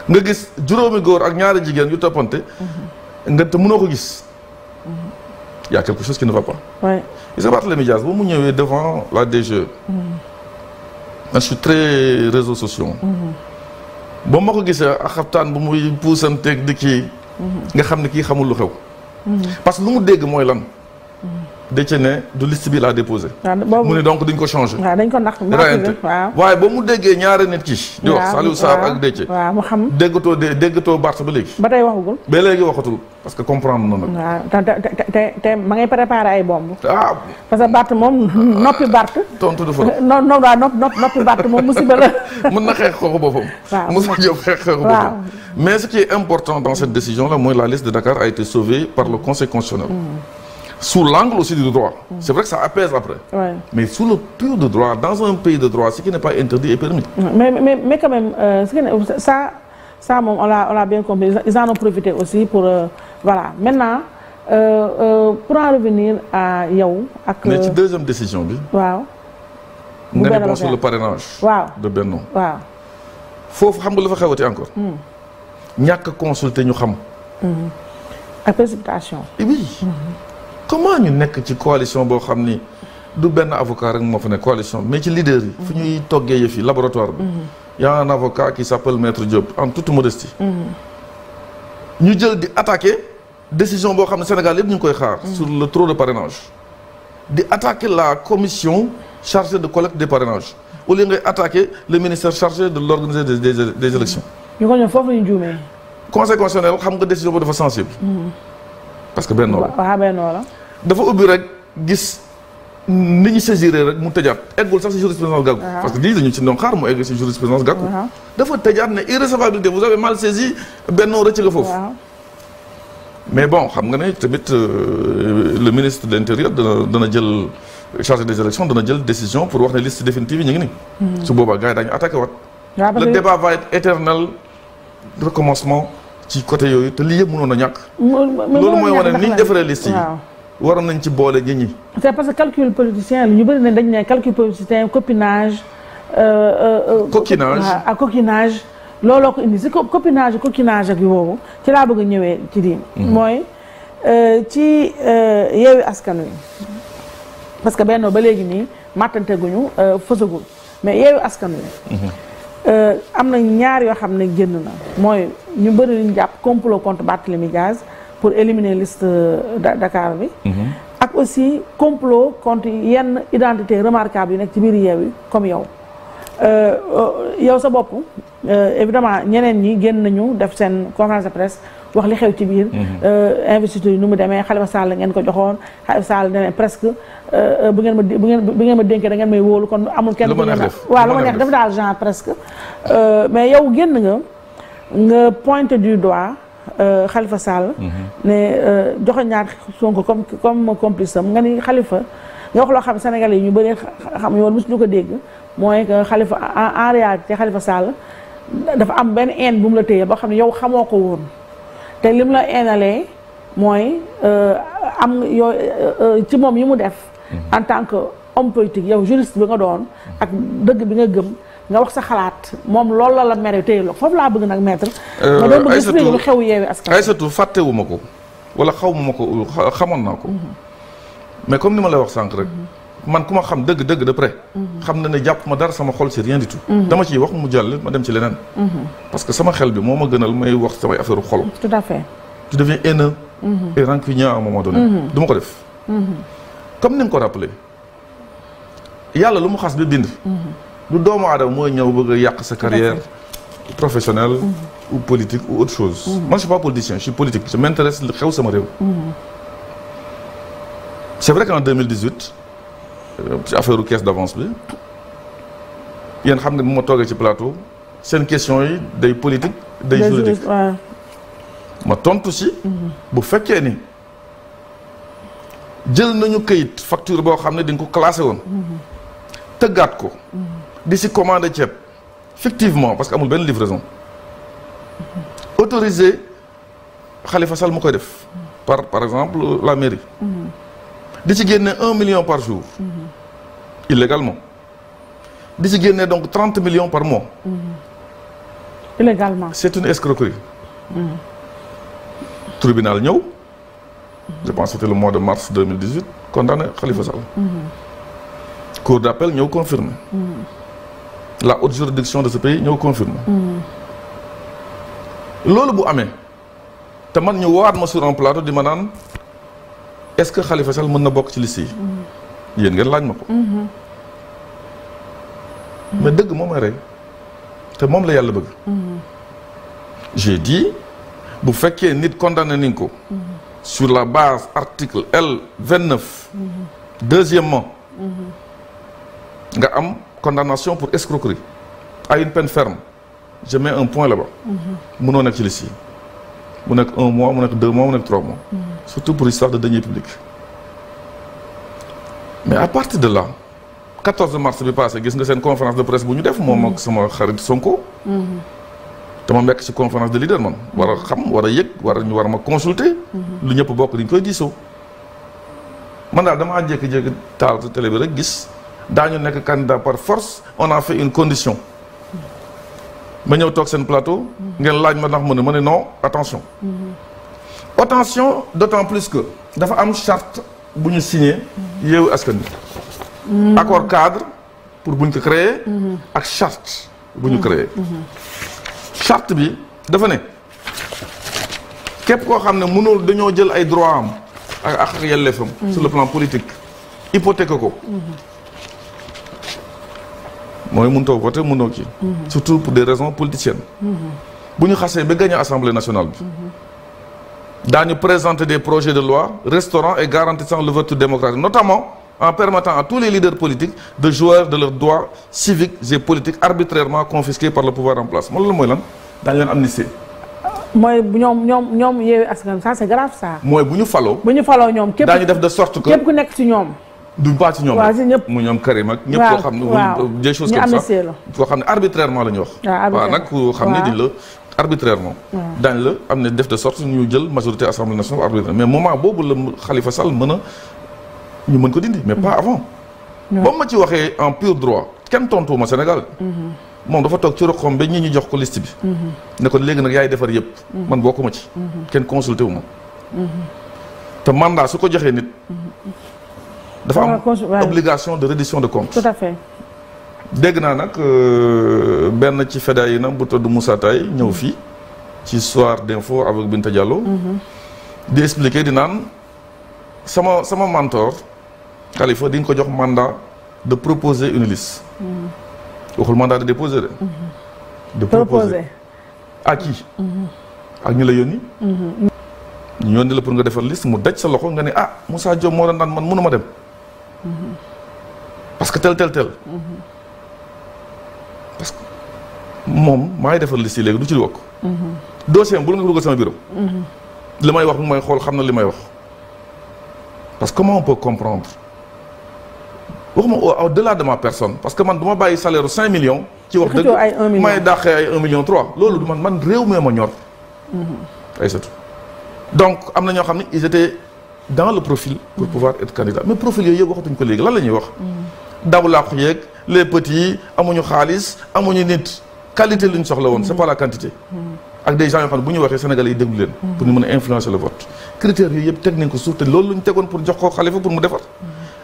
nga gis juróomi góor ak ñaari jigéen yu toppante. nga te mënoo ko gis. y a quelque chose qui ne va pas. oui gis nga Barthélémy Dias mu ñëwee devant la DG. man a suis très réseaux sociaux. ba ma ko gisee ak xabtaan bu muy puusanteeg di kii. nga xam ne kii xamul lu xew. Mm-hmm. parce que lu mu dégg mooy lan. Déthié ne du liste bi laa déposé. Ah, mu ne donc dañ ko changé. waaw dañ ko ndax waaye ba mu déggee ñaari nit ki. di wax Saliou Sarr ak Déthié. waaw mu xam déggatoo de déggatoo Barth ba léegi. ba tey waxagul. ba léegi waxatul parce que comprendre na nag. waaw te te te ma ngay préparé ay bomb. ah parce que Barth moom noppi Barth. tontu dafa no no waaw noppi Barth moom musiba la. mën na xeex xooxu boppam. waaw mos na jóg xeex xooxu mais ce qui important dans cette décision là mooy la liste de Dakar a sous l'angle aussi du droit. C'est vrai que ça apaise après. Ouais. Mais sous le pur de droit, dans un pays de droit, ce qui n'est pas interdit est permis. Mais, mais, mais quand même, euh, euh ça, ça on l'a bien compris. Ils en ont profité aussi pour... Euh, voilà. Maintenant, euh, euh, pour en revenir à Yao... Ak, mais c'est deuxième décision, oui. Wow. Nous sur le parrainage wow. de Benno. Wow. Faut que nous encore. Nous avons consulté, nous savons. À précipitation. Et eh oui. Hmm. comment ñu nekk ci coalition boo xam ni du benn avocat rek moo fa ne coalition mais ci leader yi. fu ñuy toggee yëf yi laboratoire bi. Mhm. y a un avocat ki s'appelle maître Diop en toute modestie. Mhm. ñu jël di attaquer décision boo xam ne Sénégal yëpp ñu ngi koy xaar. Mhm. sur le trop de parrainage. di attaque la commission chargée de collecte des parrainages au lieu ngay attaquer le ministère chargé de l'organisation des des élections. ñu ko ñëw foofu la ñu juumee. conseil constitutionnel xam nga décision boobu dafa sensible. parce que bennoo la waaw bennoo la. dafa ubbi rek gis ni ñu saisir rek mu tëjaat eggul sax si jurisprudence gàkku. parce que lii dañu ci doon xaar mu egg si jurisprudence gàkku. dafa tëjaat ne irrecevabilité vous avez mal saisi bennoo rëcc nga foofu. mais bon xam nga ne tamit euh, le ministre de l'intérieur dana dana jël chargé des élections dana jël décision pour wax ne liste définitive yi ñu ngi nii. Hmm. su boobaa gars daañu attaqué waat. le débat va recommencement. ci côté yooyu te lii yëpp mënoon a ñàkk. loolu mooy wane ni ñu defaree liste yi. war nañ ci boole gi ñi. c'est parce que calcul politicien la ñu bëri ne dañ ne calcul politicien copinage. Euh, euh, euh, coquinage ah coquinage. looloo ko indi si copinage coquinage ak yooyu ci laa bëgg ñëwee ci diin. Mhm. mooy ci yeewi askan wi. parce que benn ba léegi nii màttanteeguñu fësagul mais yeewi askan wi. Mhm. Euh, am na ñaar yoo xam ne génn na mooy ñu bëri ñu jàpp complot contre Barthélémy Diaz pour éliminer liste euh, Dakar bi mhm. ak aussi complot contre yenn identité remarquable yi nekk ci biir yeew yi comme yow euh, yow sa bopp évidemment ñeneen ñi génn nañu def seen conférence de presse wax li xew ci biir mhm. euh, investiture yi nu mu demee Khalifa Sall ngeen ko joxoon Khalifa Sall ne presque euh, bu ngeen ma bu ngeen bu ngeen ma dénkee da ngeen may wóolu kon amul kenn waaw lu ma neex def daal genre presque euh, mais yow génn nga nga pointe du doigt Khalifa Sall mhm. ne joxe ñaar Sonko comme comme complice am nga ni xalifa nga wax loo xam sénégal yi ñu bëri xam yoon mosuñu ko dégg mooy que xalifa en réalité xalifa Sall dafa am benn haine bu mu la téye boo xam ne yow xamoo ko woon te lim la indalee mooy euh, am yoo euh, ci moom yi mu def mhm. en tant que homme politique yow juriste bi nga doon ak dëgg bi nga gëm nga wax sa xalaat moom loolu la la mere téye foofu laa bëgg nag maître euh, ma doon bëgg expliquer lu xew yeewi askan Aïssatou fàttewuma ko wala xawma ma ko xamoon naa ko mhm. mais comme ni ma lay wax sànq rek mhm. man ku ma xam dëgg dëgg de près. Mhm. xam na ne jàpp ma dara sama xol si rien du tout. Mhm. dama ciy wax mu jàll ma dem ci leneen. Mhm. parce que sama xel bi moo ma gënal may wax samay affaire xol. tout à fait. tu deviens haineux. et rancunier à un moment donné. du ma ko def. comme ni ko rappelé yàlla lu mu xas bi bind. du doomu aadama mooy ñëw bëgg a yàq sa carrière professionnelle. ou politique ou autre chose. man je suis pas politicien je suis politique je m'intéresse xew sama réew. ci affaire caisse d'avance bi yéen xam nga bu ma toogee ci plateau seen question yi day politique day juridique ma tontu si mhm. bu fekkee ni jël nañu këyit facture boo xam ne dañ ko classé woon mhm. tëggaat ko mhm. di si commandé ceeb fictivement parce que amul benn livraison autorisé Khalifa Sall mu koy def par par exemple la mairie di ci génne million par jour. Mm-hmm. illégalement. di ci génne donc trente million par mois. Mm-hmm. illégalement. c'est une escroquerie. Mm-hmm. tribunal ñëw. je pense le mois de mars deux mille dix cour d'appel ñëw confirmé. la haute juridiction de ce pays ñëw confirmé. loolu bu amee te man ñu woowaat ma sur un plateau di ma naan. est-ce que Khalifa Sall mën na bokk ci liste yi. Mm-hmm. yéen ngeen laaj ma ko. Mm-hmm. Mm-hmm. ma dëgg moom a rey te moom la yàlla bëgg. j'ai bu fekkee nit condamné nañ ko. sur la base article L vingt neuf. deuxièmement. nga am condamnation pour escroquerie à une peine ferme un point là-bas. mënoo nekk ci liste yi mu nekk un mois mu nekk deux mois mu nekk trois mois. surtout pour histoire de deniers publics mais à partir de là 14 mars bi passé gis nga seen conférence de presse bu ñu def moom ak sama xarit Sonko. te ma nekk ci conférence de leader man war a xam war a yëg war ñu war a ma consulter. lu ñëpp bokk dañ koy diisoo. man daal damaa jékki-jékki taal sa télé bi rek gis daa ñu nekk candidat par force on a fait une condition. ma ñëw toog seen plateau. ngeen laaj ma ndax ma ne ma ne non attention. attention d'autant plus que dafa am chart bu ñu signé Yewwi Askan Wi mm. accord cadre pour bu ñu ko créer mm-hmm. ak charte bu ñu créer mm-hmm. charte bi dafa ne képp koo xam ne mënul dañoo jël ay droit am ak ak yelleefam mm-hmm. sur le plan politique hypothèque ko mooy mënutoo voter mënoo kii surtout pour des raisons politiciennes bu ñu xasee ba gagné assemblée nationale bi daañu présenter des projets de loi restaurant et garantissant l'ouverture démocratique notamment en permettant à tous les leaders politiques de jouir de leurs droits civiques et politiques arbitrairement confisqués par le pouvoir en place moom la mooy lan daañu leen amnistie mooy ñoom ñoom ñoom Yewwi Askan ça c'est grave ça bu ñu faloo bu ñoom képp daañu def de sorte que képp ku nekk ci ñoom du baa ñoom ñëpp mu ñoom Karim ak ñëpp koo xam ne des choses comme ça koo xam ne arbitrairement la arbitrairement. daañu la am ne def de sorte ñu jël majorité assemblée nationale arbitraire mais moment boobu la Khalifa Sall mën a ñu mën ko dindi mais pas mm-hmm. avant. ba ma ci waxee en pur droit kenn tontuwuma Sénégal. Mm-hmm. moom dafa toog ci roqam ba ñi ñu jox ko liste bi. Mm-hmm. ne ko léegi nag yaay defar yëpp. man ma ci. kenn consulté wu te mandat su ko joxee nit. dafa am obligation de reddition de compte. tout dégg naa nag euh, benn ci fedda yi nag bu tudd Moussa ñëw fii ci soir d'info avec Binta Diallo. Mhm. di expliquer di naan sama sama mentor kalifa di nga ko jox mandat de proposer une liste. Mhm. waxul mandat de déposer de. Mhm. de proposer ak ñu la yónni. ñu yónni la pour nga defar list mu daj sa loxo nga ne ah Moussa Diop moo doon naan man mënuma dem. parce que tel tel moom maay defar liste léegi du ci bokk. dossier am bu la nga dugal sama bureau. li may wax mu may xool xam na li may wax parce que comment on peut comprendre waxuma au delà de ma personne parce que man du ma bàyyi salaire cinq millions. ci wax dëgg may dàqee ay un million trois loolu du man man réew mee ma ñor. ay satu donc am na ñoo xam ne ils étaient dans le profil. pour pouvoir être candidat mais profil yooyu waxatuñ ko léegi lan la ñuy wax. Mm. daw làqu yeeg les petits amuñu xaalis amuñu nit. qualité la soxla woon c'est pas la quantité ak des gens yoo xam ne bu ñu waxee sénégalais yi déglu leen pour ñu mën a influencer le vote critères yooyu yëpp teg nañ te loolu la tegoon pour jox ko xalifa pour mu defar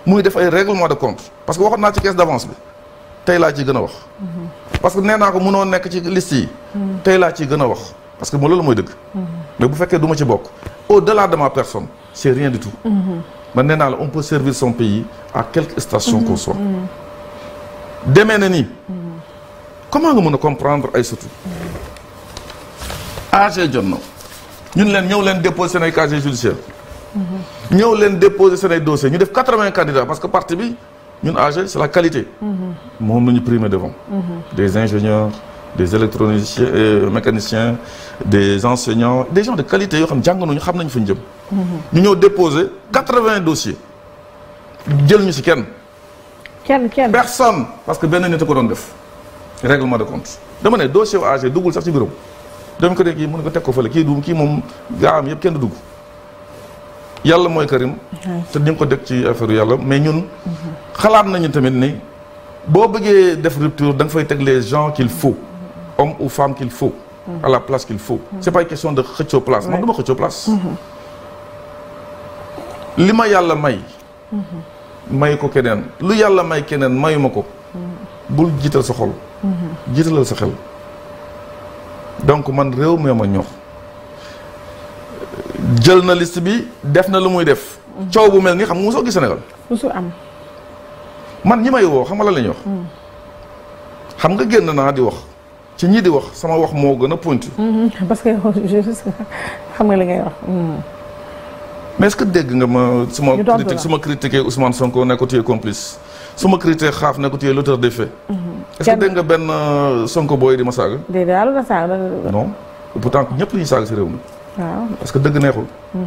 muy def ay règlement de compte parce que naa ci caisse d'avance bi tey laa ciy gën a wax parce que ko mënoo nekk ci liste yi tey laa ciy gën a wax parce moo loolu mooy dëgg mais bu fekkee du ci bokk au delà de personne comment nga mën a comprendre ay sutu AG jot na ñun leen ñëw leen déposer seen ay casier judiciaire mhm. ñëw leen déposer seen ay dossier ñu def quatre-vingts candidats parce que parti bi ñun AG c'est la qualité mhm. moom la ñu devant mhm. des ingénieurs des électroniciens euh, mécaniciens des enseignants des gens de qualité yoo xam jàng ñu xam nañu fu ñu jëm ñu ñëw déposer quatre-vingts dossiers jël ñu ci kenn kenn kenn personne parce que benn nit a ko doon def règlement de compte dama ne dossier wu AG duggul sax ci bureau dem ko mën ko teg ko fële kii du kii moom gaa am yëpp kenn du yàlla mooy Karim. te di ko dégg ci affaire yàlla mais ñun. xalaat nañu tamit ni boo bëggee def rupture danga nga fay teg les gens qu'il faut hommes ou femmes qu'il faut. à la place qu'il faut. Mm-hmm. c'est pas une question de xëccoo place man du ma place. Mm-hmm. li ma yàlla may. Mm-hmm. may ko keneen lu yàlla may keneen mayuma ma ko. bul jiital sa xol. jiitalal sa xel donc man réew mi ma ñor jël na list bi def na lu muy def coow bu mel nii xam nga mosoo gis Sénégal mosu am man ñi may woo xam nga la ñuy wax mm. xam nga génn naa di wax ci ñii di wax sama wax moo gën a pointu mm-hmm. parce que xam nga li ngay wax mm. mais dégg nga ma suma critique suma critiqué Ousmane Sonko ne ko tu es complice suma critère xaaf ne ko tu es l'auteur des mhm. est-ce que dégg nga benn euh, sonko booy di ma saaga. déedéet allo non pourtant ñëpp la ñuy saaga si réew mi. parce que dëgg neexul. Mhm.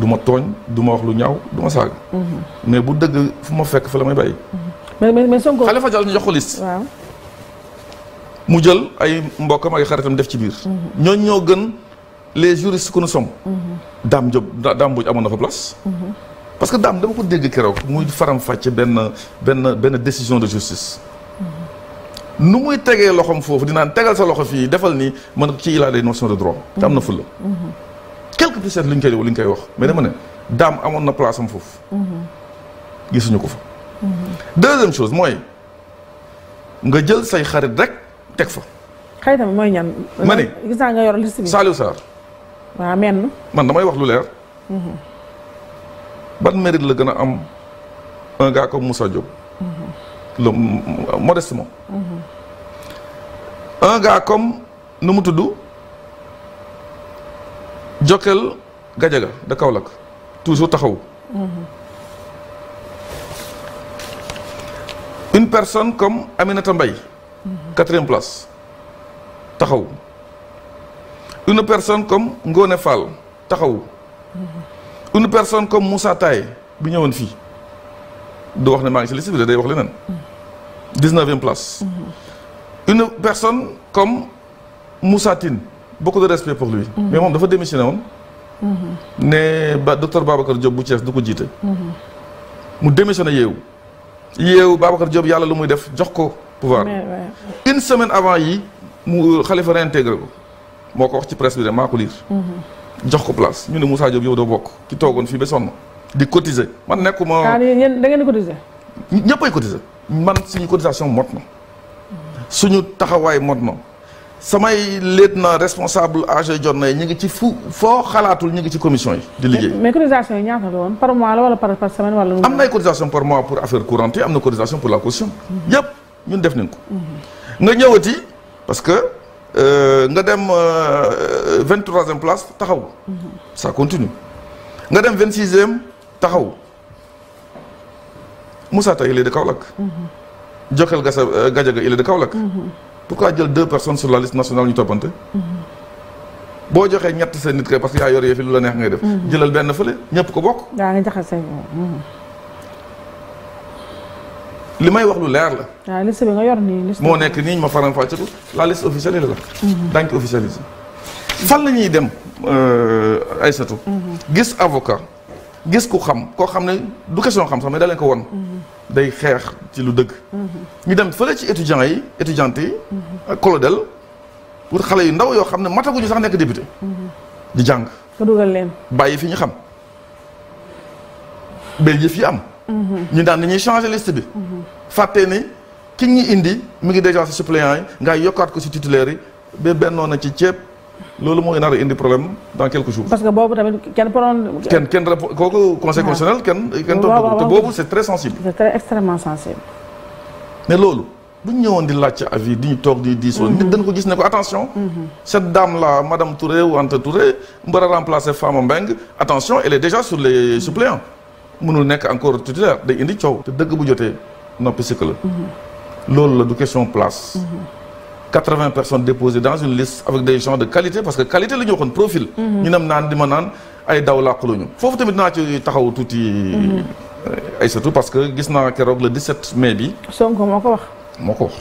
du ma tooñ du ma wax lu ñaw du saaga. Mhm. mais bu dëgg fu ma fekk fa la may bàyyi. mais mais mais sonko. Khalifa mu jël ay mbokkam ak xaritam def ci biir. ñooñ ñoo gën le juristes que nous sommes. Dame Diop amoon na fa place. parce que daam dama ko dégg keroog muy faram benn benn benn décision de justice. Mm-hmm. nu muy tegee loxoom foofu dinaan tegal sa loxo fii defal ni man ci il a des notions de droit. te am na fulla. Mm-hmm. quelque plus li ñu koy li ñu koy wax mais ne daam amoon na place am foofu. Mm-hmm. ko fa. deuxième jël say xarit rek teg fa. ne damay wax lu leer. ban mérite la gën a am un gars comme Moussa Diop. Mm-hmm. le modestement. Mm-hmm. un comme nu mu tudd Jokel Gajaga de Kaolack toujours taxaw. Mm-hmm. une personne comme Aminata Mbaye. quatrième place taxaw. une personne comme Ngone Fall taxaw. une personne comme Moussa Taye bi ñëwoon fii du wax ne maa ngi ci liste bi day wax leneen dix-neuvième place une personne comme Moussa Tine beaucoup de respect pour lui mhm. mais moom dafa démissionné woon mhm. ne ba docteur Babacar Diop bu Thiès du ko jiite mhm. mu démissionné yeewu yeewu Babacar Diop yàlla lu muy def jox ko pouvoir une semaine avant yi mu euh, Khalifa réintégré ko moo ko wax ci presse bi de maa ko liir jox ko place ñu ne Moussa Diop yow doo bokk ki toogoon fii ba sonn di cotiser man nekkuma. kaa ah, di cotiser. ñëppay cotiser man suñu cotisation mot na suñu taxawaay mot na samay leet na responsable AG Jotna yi ñu ngi ci fu foo xalaatul ñu ngi ci commission yi. di liggéey mais cotisation yi ñaata la woon par mois la wala par par semaine wala. am na cotisation par mois pour affaire courante yi am na cotisation pour la caution. Mhm. yëpp ñun def nañ ko. Mhm. Euh, nga dem euh, vingt troisième place taxaw. Mhm. ça continue nga dem vingt sixième taxaw Moussa Taye il est de Kaolack. Mhm. Jokel Gasa euh, Gadiaga il est de Kaolack. Mhm. pourquoi jël deux personnes sur la liste nationale ñu toppante. boo joxee ñett seen nit kay parce yaa yor yee fi lu la neex ngay def. jëlal benn fële ñëpp ko bokk. daa nga jaxase li may wax lu leer la. waaw liste bi nga yor nii. moo nekk nii ñu ma faram fàcce ko la liste officielle la. Mhm. daañu ko officialiser. fan la ñuy dem euh, Aïssatou. Mhm. gis avocat gis ku xam koo xam ne du question xam sax mais da ko won mhm. day xeex ci lu dëgg. ñu dem fële ci étudiants yi étudiantes yi. kolodel pour xale yu ndaw yoo xam ne mataguñu sax nekk député. di jàng. ko dugal bàyyi fi ñu xam. ba yëf yi am. ñu daan dañuy changer liste bi. fàtte ni ki ñu indi mu ngi déjà ci suppléant yi nga yokkaat ko ci titulaire yi ba bennoo a ci ceeb loolu moo nar a indi problème dans quelques jours. parce que boobu tamit kenn ponoon. kenn kenn kooku conseil constitutionnel kenn. kenn tontu te boobu c'est très sensible. c'est mais loolu bu ñu ñëwoon di laajte avis di ñu toog di diisoo. nit mhm. dañ ko gis ne ko attention. Mhm. cette dame là madame Touré ou Anta Touré mbara remplacer Fama Mbengue attention elle est déjà sur les suppléants. mënul nekk encore titulaire day indi coow. te dëgg bu jotee noppi sikk la. Mhm. loolu la du question place. Mhm. quatre-vingts personnes déposées dans une liste avec des de qualité parce que qualité la ñu waxoon profil. Mhm. ñu nem naan di ma naan ay daw làquluñu foofu tamit naa ci taxaw tuuti. ay surtout parce que gis naa keroog di 17 mai bi. Sonko moo ko wax. moo ko wax.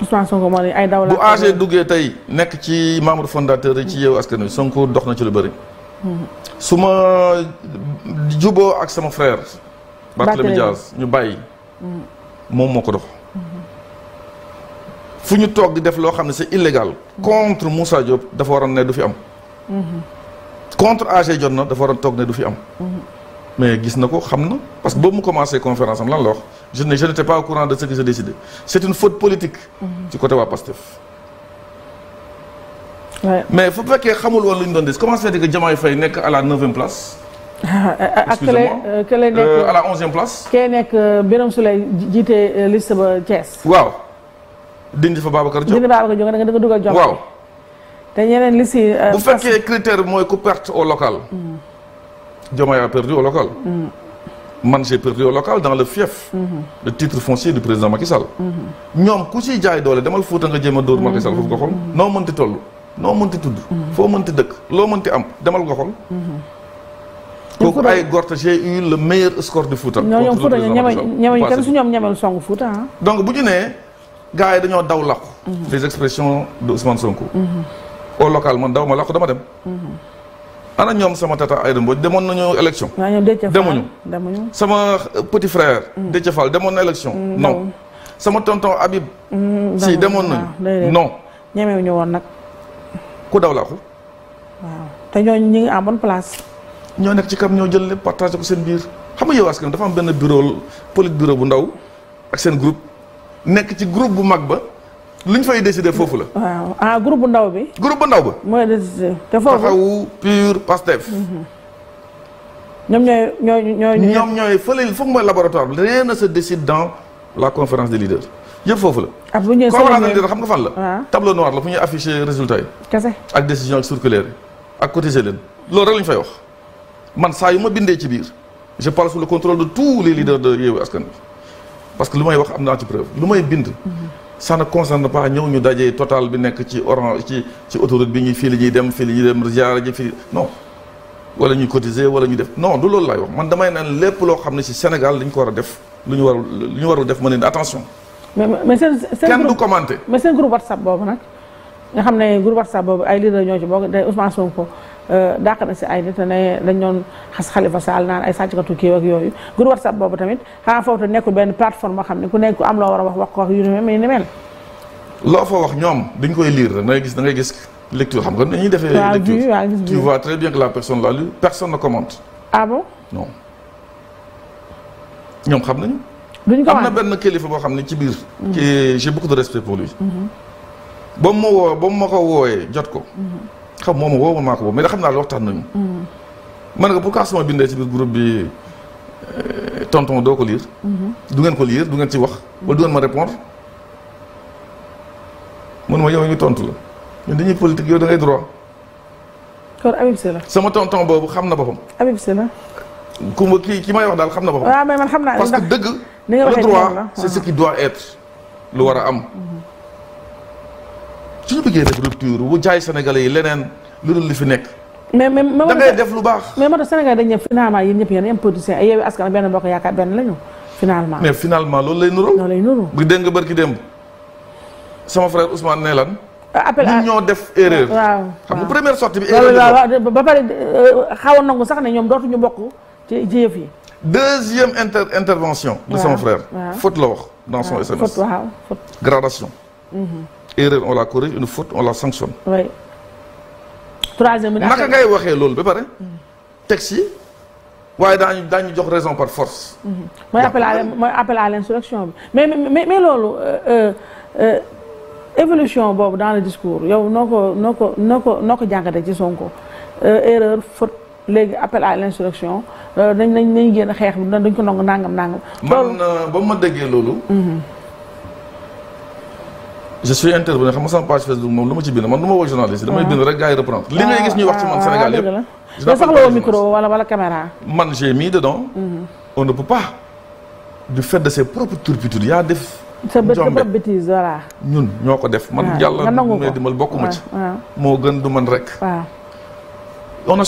Ousmane Sonko moo ne ay daw bu AG duggee tey nekk ci membre fondateur yi ci yeewu askan wi Sonko dox na ci lu bëri. su ma juboo ak sama frère. Barthélemy ñu bàyyi. moom moo ko dox. fu ñu toog di def loo xam ne sa illégal. contre Moussa Diop dafa waroon ne du fi am. contre AG jot na dafa waroon toog ne du fi am. mais gis na ko xam na parce que boobu mu commencé conférence am lan la wax ne je n'étais pas courant de ce que j'ai décidé c'est une faute politique. Mhm. ci côté waa Pastef. mais fu fekkee xamul woon lu ñu doon des comment se fait que Diomaye Faye nekk à la neuvième place. ak kële kële nekk euh, à la onzième place. Euh, jiite euh, liste ba Thiès. waaw dindi fa Babacar Diop dindi Babacar Diop nga danga dugal Diop. waaw te ñeneen liste yi. bu fekkee critère mooy ku perte au local. Mm. Diomaye a perdu au local. Mm. man j'ai perdu au local dans le fief. Mm-hmm. le titre foncier du président Macky mm-hmm. ñoom ku si jaay doole demal Fouta nga jéem a dóor Macky Sall mm-hmm. foofu ko xool noo mënti toll. noo mënti tudd. Mhm. foo mënti dëkk loo mënti am demal nga xool. Mhm. kooku ay gorte j'ai eu le meilleur score de Fouta. ñoo ñoom su ñoom ñemel songu Fouta ah. donc bu ñu nee yi dañoo daw làqu. Mhm. les expressions de Ousmane Sonko. au local man daw ma làqu dama dem. ana ñoom sama tata Aïda Mbodj demoon nañu élection. demuñu sama euh, petit frère. Déthié Fall demoon na élection. non sama tonton Habib. si demoon nañu ah, non. ñemewuñu woon nag. ku daw laaxu. waaw te ñooñu ñu ngi en bonne place. ñoo nekk ci kam ñoo jël lépp partagé ko seen biir xam nga yow askan dafa am benn bureau politique bureau bu ndaw ak seen groupe nekk ci groupe bu mag ba ñu fay décider foofu la. waaw ah groupe bu ndaw bi. groupe bu ndaw ba. mooy décider te foofu taxawu pur Pastef. Mhm. ñoom ñooy ñooy ñooy. ñoom ñooy fële foog mooy laboratoire bi rien ne se décide dans la conférence des leaders. yëpp foofu la. ak ah, bu ñu xam nga fan la. Ah. tableau noir la fu ñuy afficher résultat yi. ak décision ak circulaire yi ak cotiser leen loolu rek ñu fay wax man saa yu ma bindee ci biir je parle sous le contrôle de tous les leaders de Yewwi Askan parce que lu may wax am naa ci preuve lu may bind. ça ne concerne pas ñëw ñu dajee total bi nekk ci orange ci ci autoroute bi ñuy fii la ñuy dem fii li ñuy dem ziara ji fii non wala ñuy cotiser wala ñu def non du loolu laay wax man damay naan lépp loo xam ne ci Sénégal dañ ko war a def lu ñu warul lu ñu warul def ma ne attention. mais mais seen seen kenn du commenté mais seen whatsapp boobu nag nga xam ne groupe whatsapp boobu ay leader ñoo ci bokk euh, day na si ay nit ne dañ doon xas Khalifa Sall naan ay sàccukatu kii ak yooyu groupe whatsapp boobu tamit xanaa foofu te nekkul benn plateforme boo xam ne ku nekk ku am loo war a wax wax ko wax yu ni mel. loo fa wax ñoom dañ koy liir da ngay gis da ngay gis lecture xam nga ni ñuy defee. lecture tu vois très bien que la personne l'a lu personne ne commente. Ah xam nañu. duñ am na benn kilifa boo xam ne ci biir. ci mhm. j'ai beaucoup de respect pour lui. Mhm. ba mu ma woo ba mu ma ko wooyee jot ko. Mhm. xam moom woo ma maa ko woo mais da nañu. man nga pourquoi su ma bindee ci biir groupe bi euh, tonton doo ko lire. du ngeen ko lire du ngeen ci wax. wala du ma répondre man yow ñu tontu la ñun dañuy politique yow da ngay droit. kon sama tonton boobu xam na boppam. Habib Sy la. Kumba kii ki may wax daal xam na boppam. waaw ah, mais man xam naa parce que dëgg. ni nga waxee le droit c'est ce qui doit être lu war a am. Mhm. suñu bëggee def rupture bu jaay sénégalais yi leneen lu dul li fi nekk. mais mais da ngay def lu baax. mais moo tax Sénégal dañ ne finalement yéen ñëpp yéen ay politiciens ay Yewwi Askan benn bokk yaakaar benn finalement. mais finalement loolu lay nuroo. loolu lay nuroo bu dégg nga barki démb. sama frère Ousmane ne lan. Ah, appel à ñoo def erreur. waaw xam nga première sortie bi. erreur ba pare euh, xawoon sax ne ñoom dootuñu bokk. ci yi. deuxième inter intervention. de son frère. faute la wax dans son SMS. faute waaw faute. gradation. Mhm. erreur on la corrige une faute on la sanctionne. oui. troisième ngay waxee loolu ba pare. Mhm. texte yi waaye daañu daañu jox raison par force. Mhm. mooy appel à mooy appel bi mais mais mais loolu euh, euh, euh, évolution boobu dans le discours yow noo ko noo ko noo ko noo ko jàngatee ci Sonko erreur faute. léegi appel à l'insurrection dañ euh, nañ nañ génn xeex bi dañ ko nangu nàngam nangam. man euh, ba mu ma déggee loolu. Mhm. je suis intervenu xam nga sama Facebook moom lu ma ci bind man lu ma woo journaliste damay ah. bind rek gars yi reprendre li ngay gis ñuy wax ci man ah, Sénégal yëpp nga soxla micro wala wala caméra man j'ai mis dedans mhm. du fait se ses propres turpitudes yaa def sa propre bêtise voilà ñun ñoo ko def man ah, yàlla may dimbal bokkuma ci moo gën du man rek on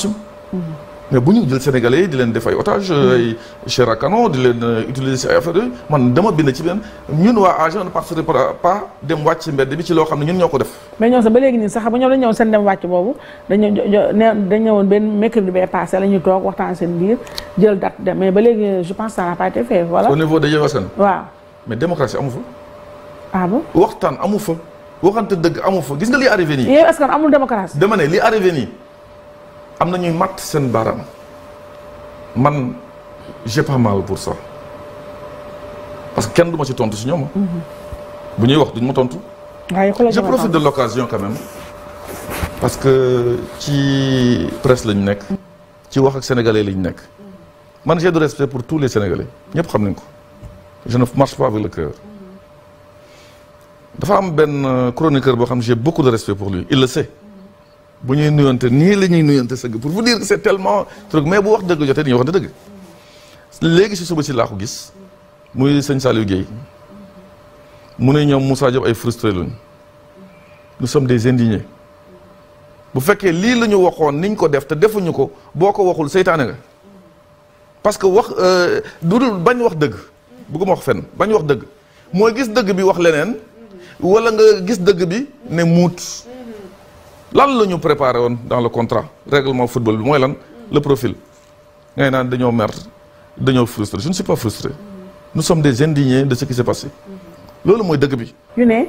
mais bu ñu jël sénégalais yi di leen def ay otage mm. ay canon di leen euh, utiliser si ay affaire yooyu man dama bind ci benn ñun waa agent ne participer pas dem wàcc ci mbedd bi ci loo xam ne ñun ñoo ko def mais ñoom sax ba léegi nii sax ba ñoom dañ ñëwoon seen dem wàcc boobu dañu dañ ñëwoon benn mercredi bee passé la toog waxtaan seen biir jël date dem mais ba léegi je pense ça n'a pas été fait voilà au niveau de Yewwi Askan waaw mais démocratie amu fa ah bon waxtaan amu fa waxante dëgg amu fa gis nga li arrivé nii Yewwi Askan am na ñuy matt seen baaraam man j'ai pas mal pour ça parce que kenn du ma tontu si ñoom mm-hmm. bu ñuy wax duñ ma tontu. je profite de l'occasion quand parce que ci presse lañ nekk. Mm-hmm. ci wax ak sénégalais lañ nekk. man j'ai du respect pour tous les sénégalais ñëpp xam nañ ko je ne marche pas avec le cœur mm-hmm. dafa am benn chroniqueur boo xam j'ai beaucoup de respect pour lui il le sait. bu ñuy nuyonte nii la ñuy nuyonte sëgg pour vous dire que c'est tellement truc mais bu wax dëgg jotee dañuy wax dëgg léegi si suba si laa ko gis muy sëñ Saliou Guèye mu ne ñoom Moussa ay frustré lañu nous sommes des indignés bu fekkee lii la ñu waxoon niñ ko def te defuñu ko boo ko waxul seytaane nga parce que wax euh, du dul bañ wax dëgg bëgguma wax fenn bañ wax dëgg mooy gis dëgg bi wax leneen wala nga gis dëgg bi ne muut lan la ñu préparé woon dans le contrat règlement football bi mooy lan le profil ngay naan dañoo mer dañoo frustré je ne suis pas frustré nous sommes des indignés de ce qui s'est passé loolu mooy dëgg bi. ñu ne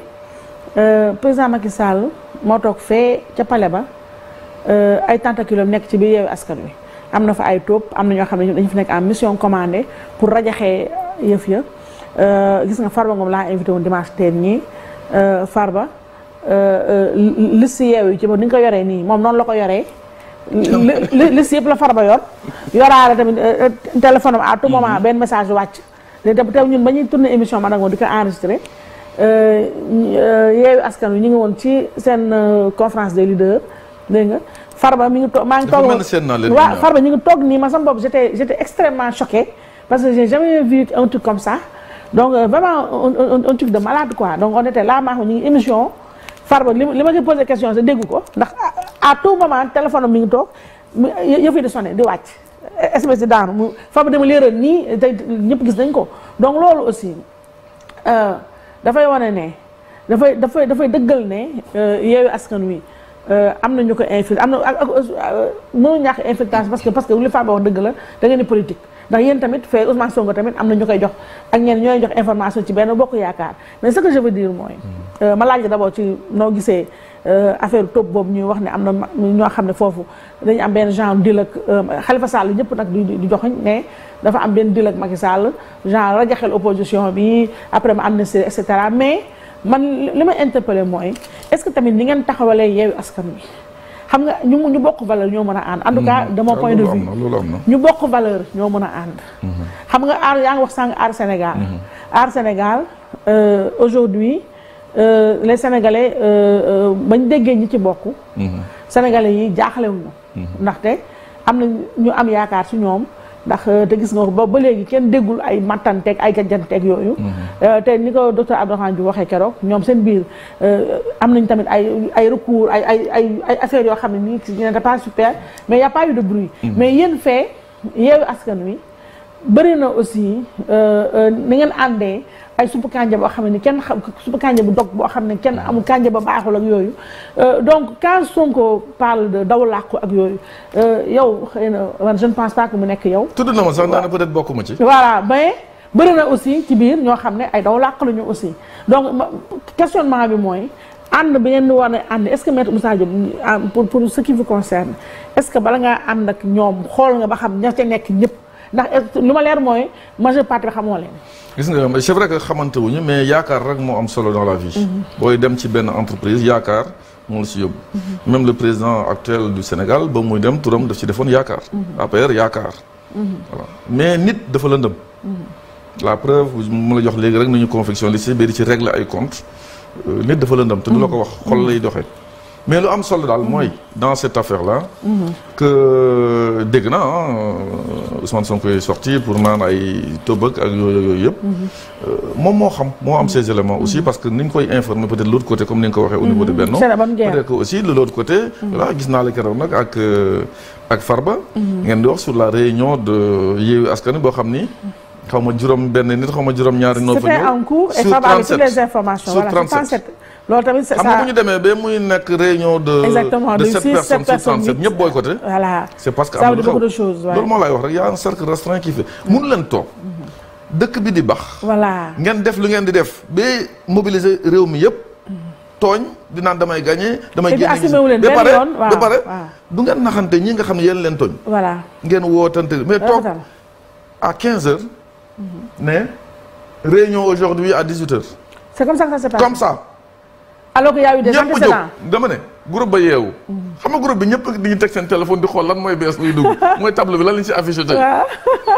euh, président Macky Sall moo toog fee ca pale ba euh, ay tentacules nekk ci biir yeewu askan wi am na fa ay tóob am na ñoo xam ne dañu fi nekk en mission commandée pour rajaxee yëf ya euh, gis nga Farba Ngom laa invité woon dimanche dernier Farba. liste yeew yi ci moom ni nga ko yoree nii moom noonu la ko yoree liste yëpp la ba yor yoraale tamit euh, euh, téléphone am à tout moment mhm. benn message wàcc te tam ñun ba ñuy tourné émission man ak moom di ko enregistré euh, yeewu askan wi ñu ngi woon ci seen conférence des leaders dégg nga farba mi ngi toog maa ngi toog waaw farba ñu ngi toog nii ma sama bopp j'étais j'étais extrêmement choqué parce que j'ai jamais vu un truc comme ça donc vraiment un truc de malade quoi donc on était là maa xam ñu ngi émission Farba li ma koy posé question sa dégg ko ndax à tout moment téléphone mi ngi toog yëf yi di sonné di wàcc espèce di daanu mu Farba dama léeral nii tey ñëpp gis nañ ko donc loolu aussi euh, dafay wane ne dafay dafay dafay dëggal ne euh, yeewu askan wi euh, am na ñu ko infiltré am na mënu ñàkk infiltration parce que parce que li Farba wax dëgg la da ngeen di ndax yéen tamit fee Ousmane Sonko tamit am na ñu koy jox ak ñenn ñooy jox information ci benn bokk yaakaar mais ce que je veux dire mooy. Mm-hmm. Euh, ma laaj la d' ci noo gisee euh, affaire topp boobu ñuy wax ne am na ñoo xam ne foofu dañu am benn genre dil ak euh, Khalifa Sall ñëpp nag di jox joxoñ mais dafa am benn dil ak Macky Sall genre rajaxel opposition bi après ma am na et cetera mais man li ma interpellé mooy est ce que tamit ni ngeen taxawalee yeewu askan wi. xam nga ñu ñu bokk valeur ñoo mën a ànd en tout cas hmm. de mon ah, point de vue ñu bokk valeur ñoo mën a ànd hmm. xam nga aar yaa ngi wax sànq aar Sénégal hmm. aar Sénégal euh, aujourd'hui euh, les Sénégalais euh, bañ déggee ñi ci bokk Sénégalais yi jaaxlewuñu ndaxte am na ñu am yaakaar si ñoom ndax euh, te gis nga ba ba léegi kenn déggul ay mattanteeg ay gàjjanteeg yooyu. Mhm. Euh, te ni ko docteur Abdourahmane bi waxee keroog ñoom seen biir euh, am nañ tamit ay ay recours ay ay ay ay affaires yoo xam ne nii ñu n'était pas super mais y a pas eu de bruit. Mhm. mais yéen fee yeewu askan wi bëri na aussi ni ngeen àndee. ay suppu kànja boo xam ne kenn xam suppu kànja bu dog boo xam ne kenn amul kànja ba baaxul ak yooyu euh, donc quand Sonko parle de daw ak yooyu euh, yow xëy na man je ne pense mu nekk yow. tudd ma bokkuma ci. voilà mais bëri na aussi ci biir ñoo xam ne ay daw làq lañu aussi donc questionnement bi mooy. ànd bi ngeen di war a ànd est-ce que maître Moussa Diop ah, pour pour ce qui vous concerne est-ce que bala ngaa ànd ak ñoom xool nga ba xam ña ca nekk ñëpp. ndax lu ma leer mooy majeure partie bi xamoo leen. gis nga c'est vrai que xamante wu wuñu mais yaakaar rek moo am solo dans la vie. Mhm. booy dem ci benn entreprise yaakaar moo la si yóbbu. Mhm. même le président actuel du Sénégal ba muy dem turam daf ci defoon yaakaar. Mhm. APR yaakaar. mais nit dafa lëndëm. la preuve mu la jox léegi rek nañu confection li si biir ci régler ay comptes euh, nit dafa lëndëm te du la ko wax xol lay doxee. mais lu am solo daal mooy dans cette affaire là. que dégg na euh, Ousmane Sonko est sorti pour naan ay tëbëk ak yooyu yooyu yëpp. Euh, moom moo xam moo am ces éléments aussi parce que ni ñu koy informer peut être l' autre côté comme ni nga ko waxee. au niveau de Benno peut être que aussi de l' côté. Mm-hmm. voilà gis naa la keroog nag ak euh, ak ba mm-hmm. ngen di wax sur la réunion de Yewwi Askan Wi boo xam ni. xaw ma juróom benn nit xaw ma juróom ñaari. noo fa ñëw sur 37 c'était loolu tamit c'est ça xam nga bu ñu demee ba muy nekk réunion de. exactement de sept personnes sur trente-sept ñëpp boycotté. voilà c'est parce lay wax rek y a un cercle restreint qui mm. leen toog dëkk bi di bax. voilà ngeen def lu ngeen di def ba mobiliser réew mi yëpp. tooñ di naan damay gagné. damay génne ba pare ba pare du ngeen naxante ñi nga xam ne yéen leen tooñ. voilà ngeen wootante mais toog à 15 heures. Mm-hmm. ne réunion aujourd'hui à 18 heures. c'est comme ça que ça comme ça. alors que a eu des antécédents dama ne groupe ba yeewu. bi ñëpp di ñu teg seen téléphone di xool lan mooy bees luy dugg mooy tableau bi lan lañ ci affiché tey.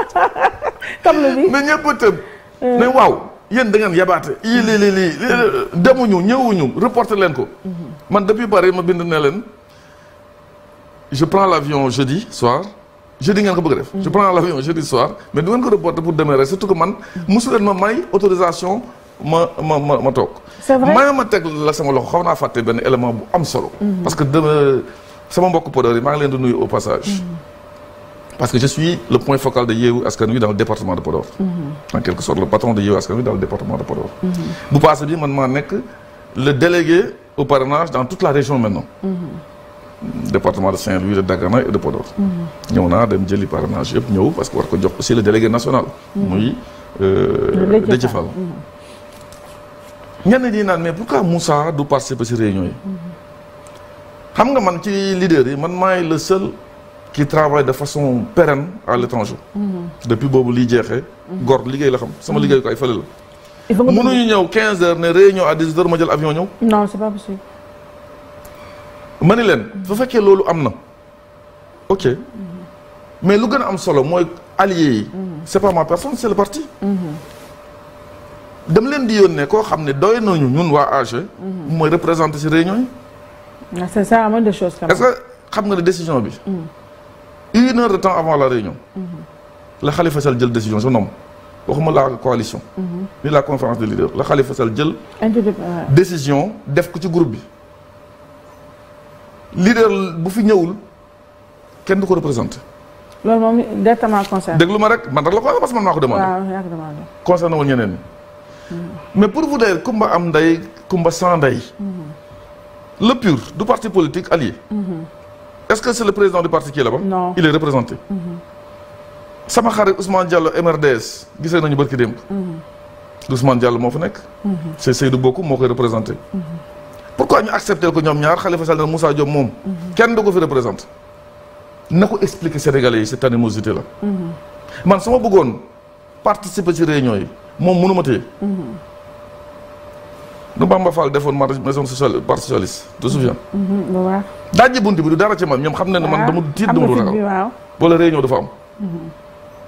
tableau bi mais ñëpp tëb. Euh. ne waaw yéen da ngeen yabaate yii lii ñëwuñu reporter leen ko. Mm-hmm. man depuis Paris ma bind ne leen je prends l'avion jeudi soir. jeudi ngeen ko bëgg a def. je mm-hmm. prends l'avion jeudi soir mais du ngeen ko reporter pour demee rek surtout que man mm-hmm. mosu leen ma may autorisation. ma ma ma ma toog. c'est vrai maa ma teg la sama loxo xaw naa fàtte benn élément bu am solo. Mm-hmm. parce que dama sama mbokk Podor yi maa ngi leen di au passage. Mm-hmm. parce que je suis le point focal de Yewwi Askan Wi dans le département de Podor. Mm-hmm. en quelque sorte le patron de Yewwi Askan Wi dans le département de Podor. bu passé bi man maa nekk le délégué au parrainage dans toute la région maintenant. département de Saint-Louis de Dagana et de Podor. ñëw naa dem jëli parrainage yëpp ñëw parce que ñenn ñi naan mais pourquoi Moussa du participer ci réunion yi. xam nga man ci leader yi man maay la seul qui travaille de façon pérenne à l'étranger. Mm-hmm. depuis boobu liy jeexee. Mm-hmm. gor liggéey la xam sama mm-hmm. liggéey ko ay fële la. il faut mënuñu ñëw 15 heures ne réunion à 18 heures ma jël avion ñëw. non c'est pas ma ni leen su fekkee loolu am na ok mais lu gën a am solo mooy allié yi. c'est pas ma personne c'est le parti. dama leen di yónnee koo xam ne doy nañu ñun waa AG. Mhm. mooy représenter ci réunion yi. ah c'est ça amoon de que xam nga ne décision bi. Mhm. une heure avant la réunion. Mhm. la Khalifa Sall jël décision son homme waxuma la coalition. la conférence des leaders la Khalifa Sall def ko ci groupe bi. leader bu fi ñëwul kenn du ko représenté. loolu moom directement ma rek man rek la ko parce que man maa ko demandé. waaw ñeneen ñi. mais pour vous dire Kumba am ndey Kumba sans ndey. Mm-hmm. le PUR du parti politique allié. Mm-hmm. est-ce que c'est le président du parti qui est là-bas. il est représenté. Mm-hmm. sama xarit Ousmane Diallo MRDS gisee nañu barki démb. Ousmane Diallo moo fu nekk. c'est Seydou Bokou moo koy représenté. pourquoi ñu accepter ko ñoom ñaar Khalifa Sall Moussa Diop moom. kenn du ko fi représenté. na ko expliquer Sénégalais yi cette animosité la. man su ma bëggoon participer ci réunion yi moom mënu lu Bamba Fall defoon ma maison sociale parti socialiste du mhm. souviens waaw mhm, daajji bunt bi du dara ci man ñoom xam ne ne man dama tiit dama du ragal wala réunion dafa am mhm.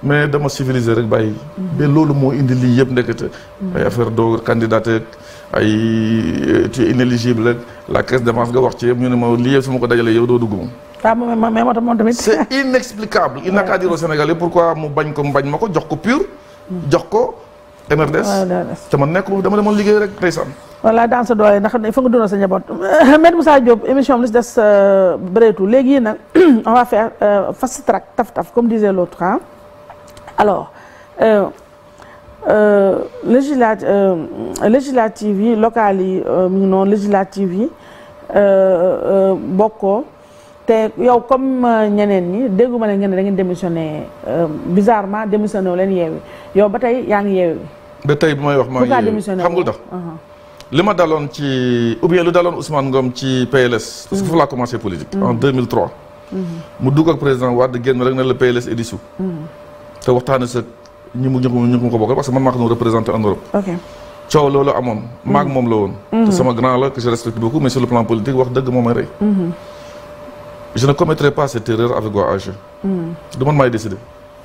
mais dama civilisé rek bàyyi mais loolu moo indi lii yëpp ndekete ay affaire doo candidat ay euh, tu es inéligible rek la caisse d'avance nga wax ci yëpp ñu ne ma lii yëpp su ma ko dajalee yow doo dugg moom waaw moom mais moo tax moom tamit c'est inexplicable il n'a qu'à dire au pourquoi mu bañ ko mu bañ ma ko jox ko pur jox ko NRDS te man nekkuma dama demoon liggéey rek ndeysaan voilà dans sa doole ndax il faut nga dundal sa njaboot Maître Moussa Diop émission am li si des euh, bëreetul léegi yi nag on va faire euh, fast track taf taf comme disait l'autre euh, yi locales yi mu ngi noonu législative yi bokkoo te yow comme euh, ñeneen ñi dégguma leen ngeen ne da ngeen euh, leen yeewi yow ba tey yaa ngi yeewi. ba tey bu may wax mooy xam nga tax uh-huh. li ma daloon ci ou bien lu daloon Ousmane Ngom ci PLS. parce que mm-hmm. foofu laa commencé politique. en mm-hmm. mm-hmm. dugg ak président Wade génn rek la PLS est dissous. loolu amoon. maag moom la woon. te sama grand la que je respecte beaucoup mais sur le plan politique wax dëgg moom may rey. je ne commettrai pas cette erreur avec waa AG. Hmm. du man maay décider.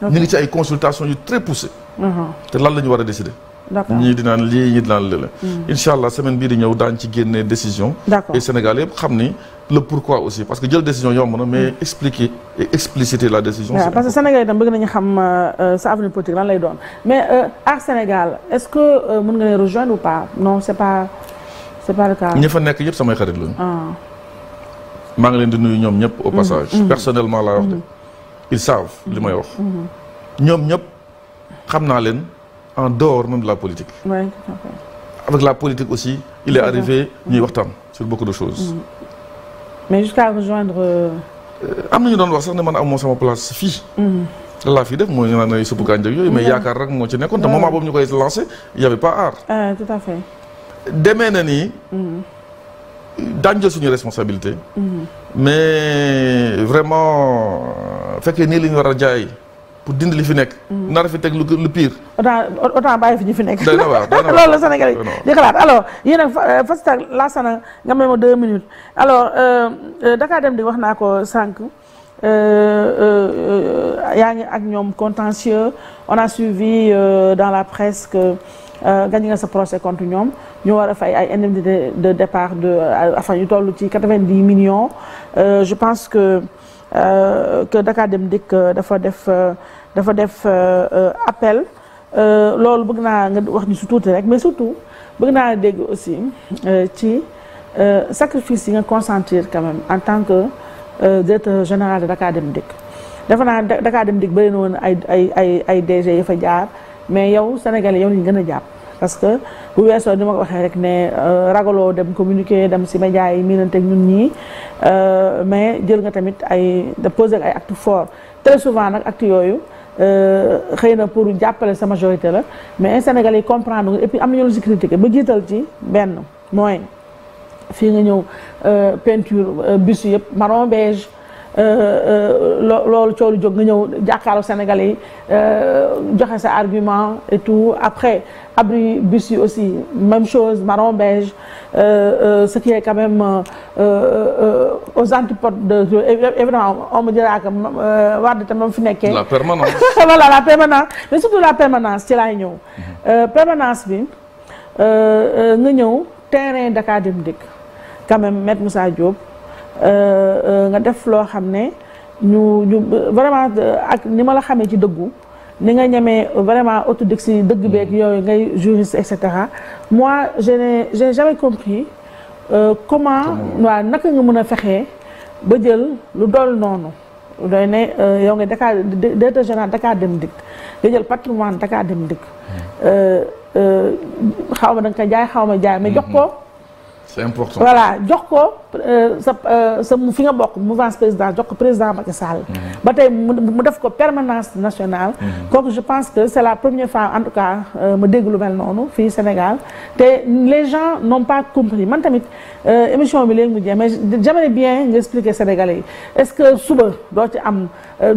ñu ngi ci ay consultations yu très poussées. Uh-huh. te lan la ñu war a décider. ñii di lii ñii di naan lële. Hmm. incha allah semaine bii di ñëw daañ ci génne décision. et Sénégal yëpp xam ni le pourquoi aussi parce que jël décision yomb na mais hmm. expliquer expliciter la décision. waaw parce que Sénégal itam bëgg nañu xam euh, euh, sa avenir politique lan lay doon mais euh, Aar Sénégal est-ce que mën nga leen rejoindre maa ngi leen di nuyu ñoom ñëpp au mm-hmm. passage mm-hmm. personnellement laa wax de mm-hmm. ils savent li may wax ñoom ñëpp xam naa leen en dehors même de la politique ouais, la politique aussi il est arrivé ñuy waxtaan sur beaucoup de choses mais jusqu'à rejoindre euh, am nañu doon wax sax ne man amoo sama place fii la laa fii def mooy naan ay suppu kànja yooyu mais yaakaar rek moo ci nekkoon te moment boobu ñu koy lancé y avait pas art demee na nii daañu jël suñu responsabilité. mais vraiment euh, fekkee nii li ñu war a jaay pour dindi li fi nekk. nar a fi teg lu lu pire. autant autant fi ñu fi nekk. loolu la Sénégal yi di xalaat alors yéen a fas euh, tag laasana nga may deux minutes alors euh, Dakar dem di wax naa ko sànq. yaa ngi ak ñoom contentieux on a suivi dans la presque que gagné nga sa procès contre ñoom. ñu war a fay ay indemnité de départ de enfin euh, ñu toll ci quatre-vingt-dix millions euh, je pense que euh, que Dakar Dem Dikk dafa def dafa def appel loolu bëgg naa nga wax ñu su tuuti rek mais surtout bëgg naa dégg aussi ci sacrifice yi nga consentir quand même en tant que directeur général de Dakar Dem Dikk defe naa Dakar Dem Dikk bëri na woon ay ay ay ay DG yi fa jaar mais yow Sénégalais yow lañu gën a jàpp parce que bu weesoo ni ma waxee rek ne euh, ragaloo dem communiquer dem si média mii miinante ak ñun ñii euh, mais jël nga tamit ay da posé ay acte fort très souvent nag acte yooyu euh, xëy na pour jàppale sa majorité la mais Sénégalais yi comprendre et puis am na ñoo si critiqué ba jiital ci benn mooy fii nga ñëw peinture bus yëpp marron beige. Euh, euh, loolu coow jóg nga ñëw jàkkaaru Sénégalais yi euh, joxe sa argument et tout après abri bus yi aussi même chose marron ce qui est quand même aux antipodes de évidemment on me dira que Wade tam moom fi nekkee. la permanence voilà la permanence mais surtout la permanence ci laay ñëw. Mhm. permanence bi nga ñëw terrain Dakar Dem Dikk quand même maître Moussa Diop. Euh, euh, nga def loo xam ne ñu ñu vraiment euh, ak ni ma la xamee ci dëggu ni nga ñemee vraiment orthodoxie dëgg beeg yooyu ngay juriste et cetera moi je n'ai j'ai jamais compris comment waaw naka nga mën a fexee ba jël lu dool noonu dooy ne yow nga Dakar directeur général Dakar Dem Dikk nga jël patrimoine Dakar Dem Dikk hmm. xaw ma da nga ko jaay xaw ma jaay mais hmm, jox ko hmm. c'est important voilà jox ko euh, sa euh, sa fi nga bokk mouvance président jox ko président Macky Sall. Mhm. ba tey mu def ko permanence nationale. Mhm. kooku je pense que c'est la première fois en tout cas euh, ma dégg lu mel noonu fii Sénégal te les gens n'ont pas compris man tamit émission bi léegi mu jeex mais j'aimerais bien nga expliquer Sénégalais yi est-ce que suba doo ci am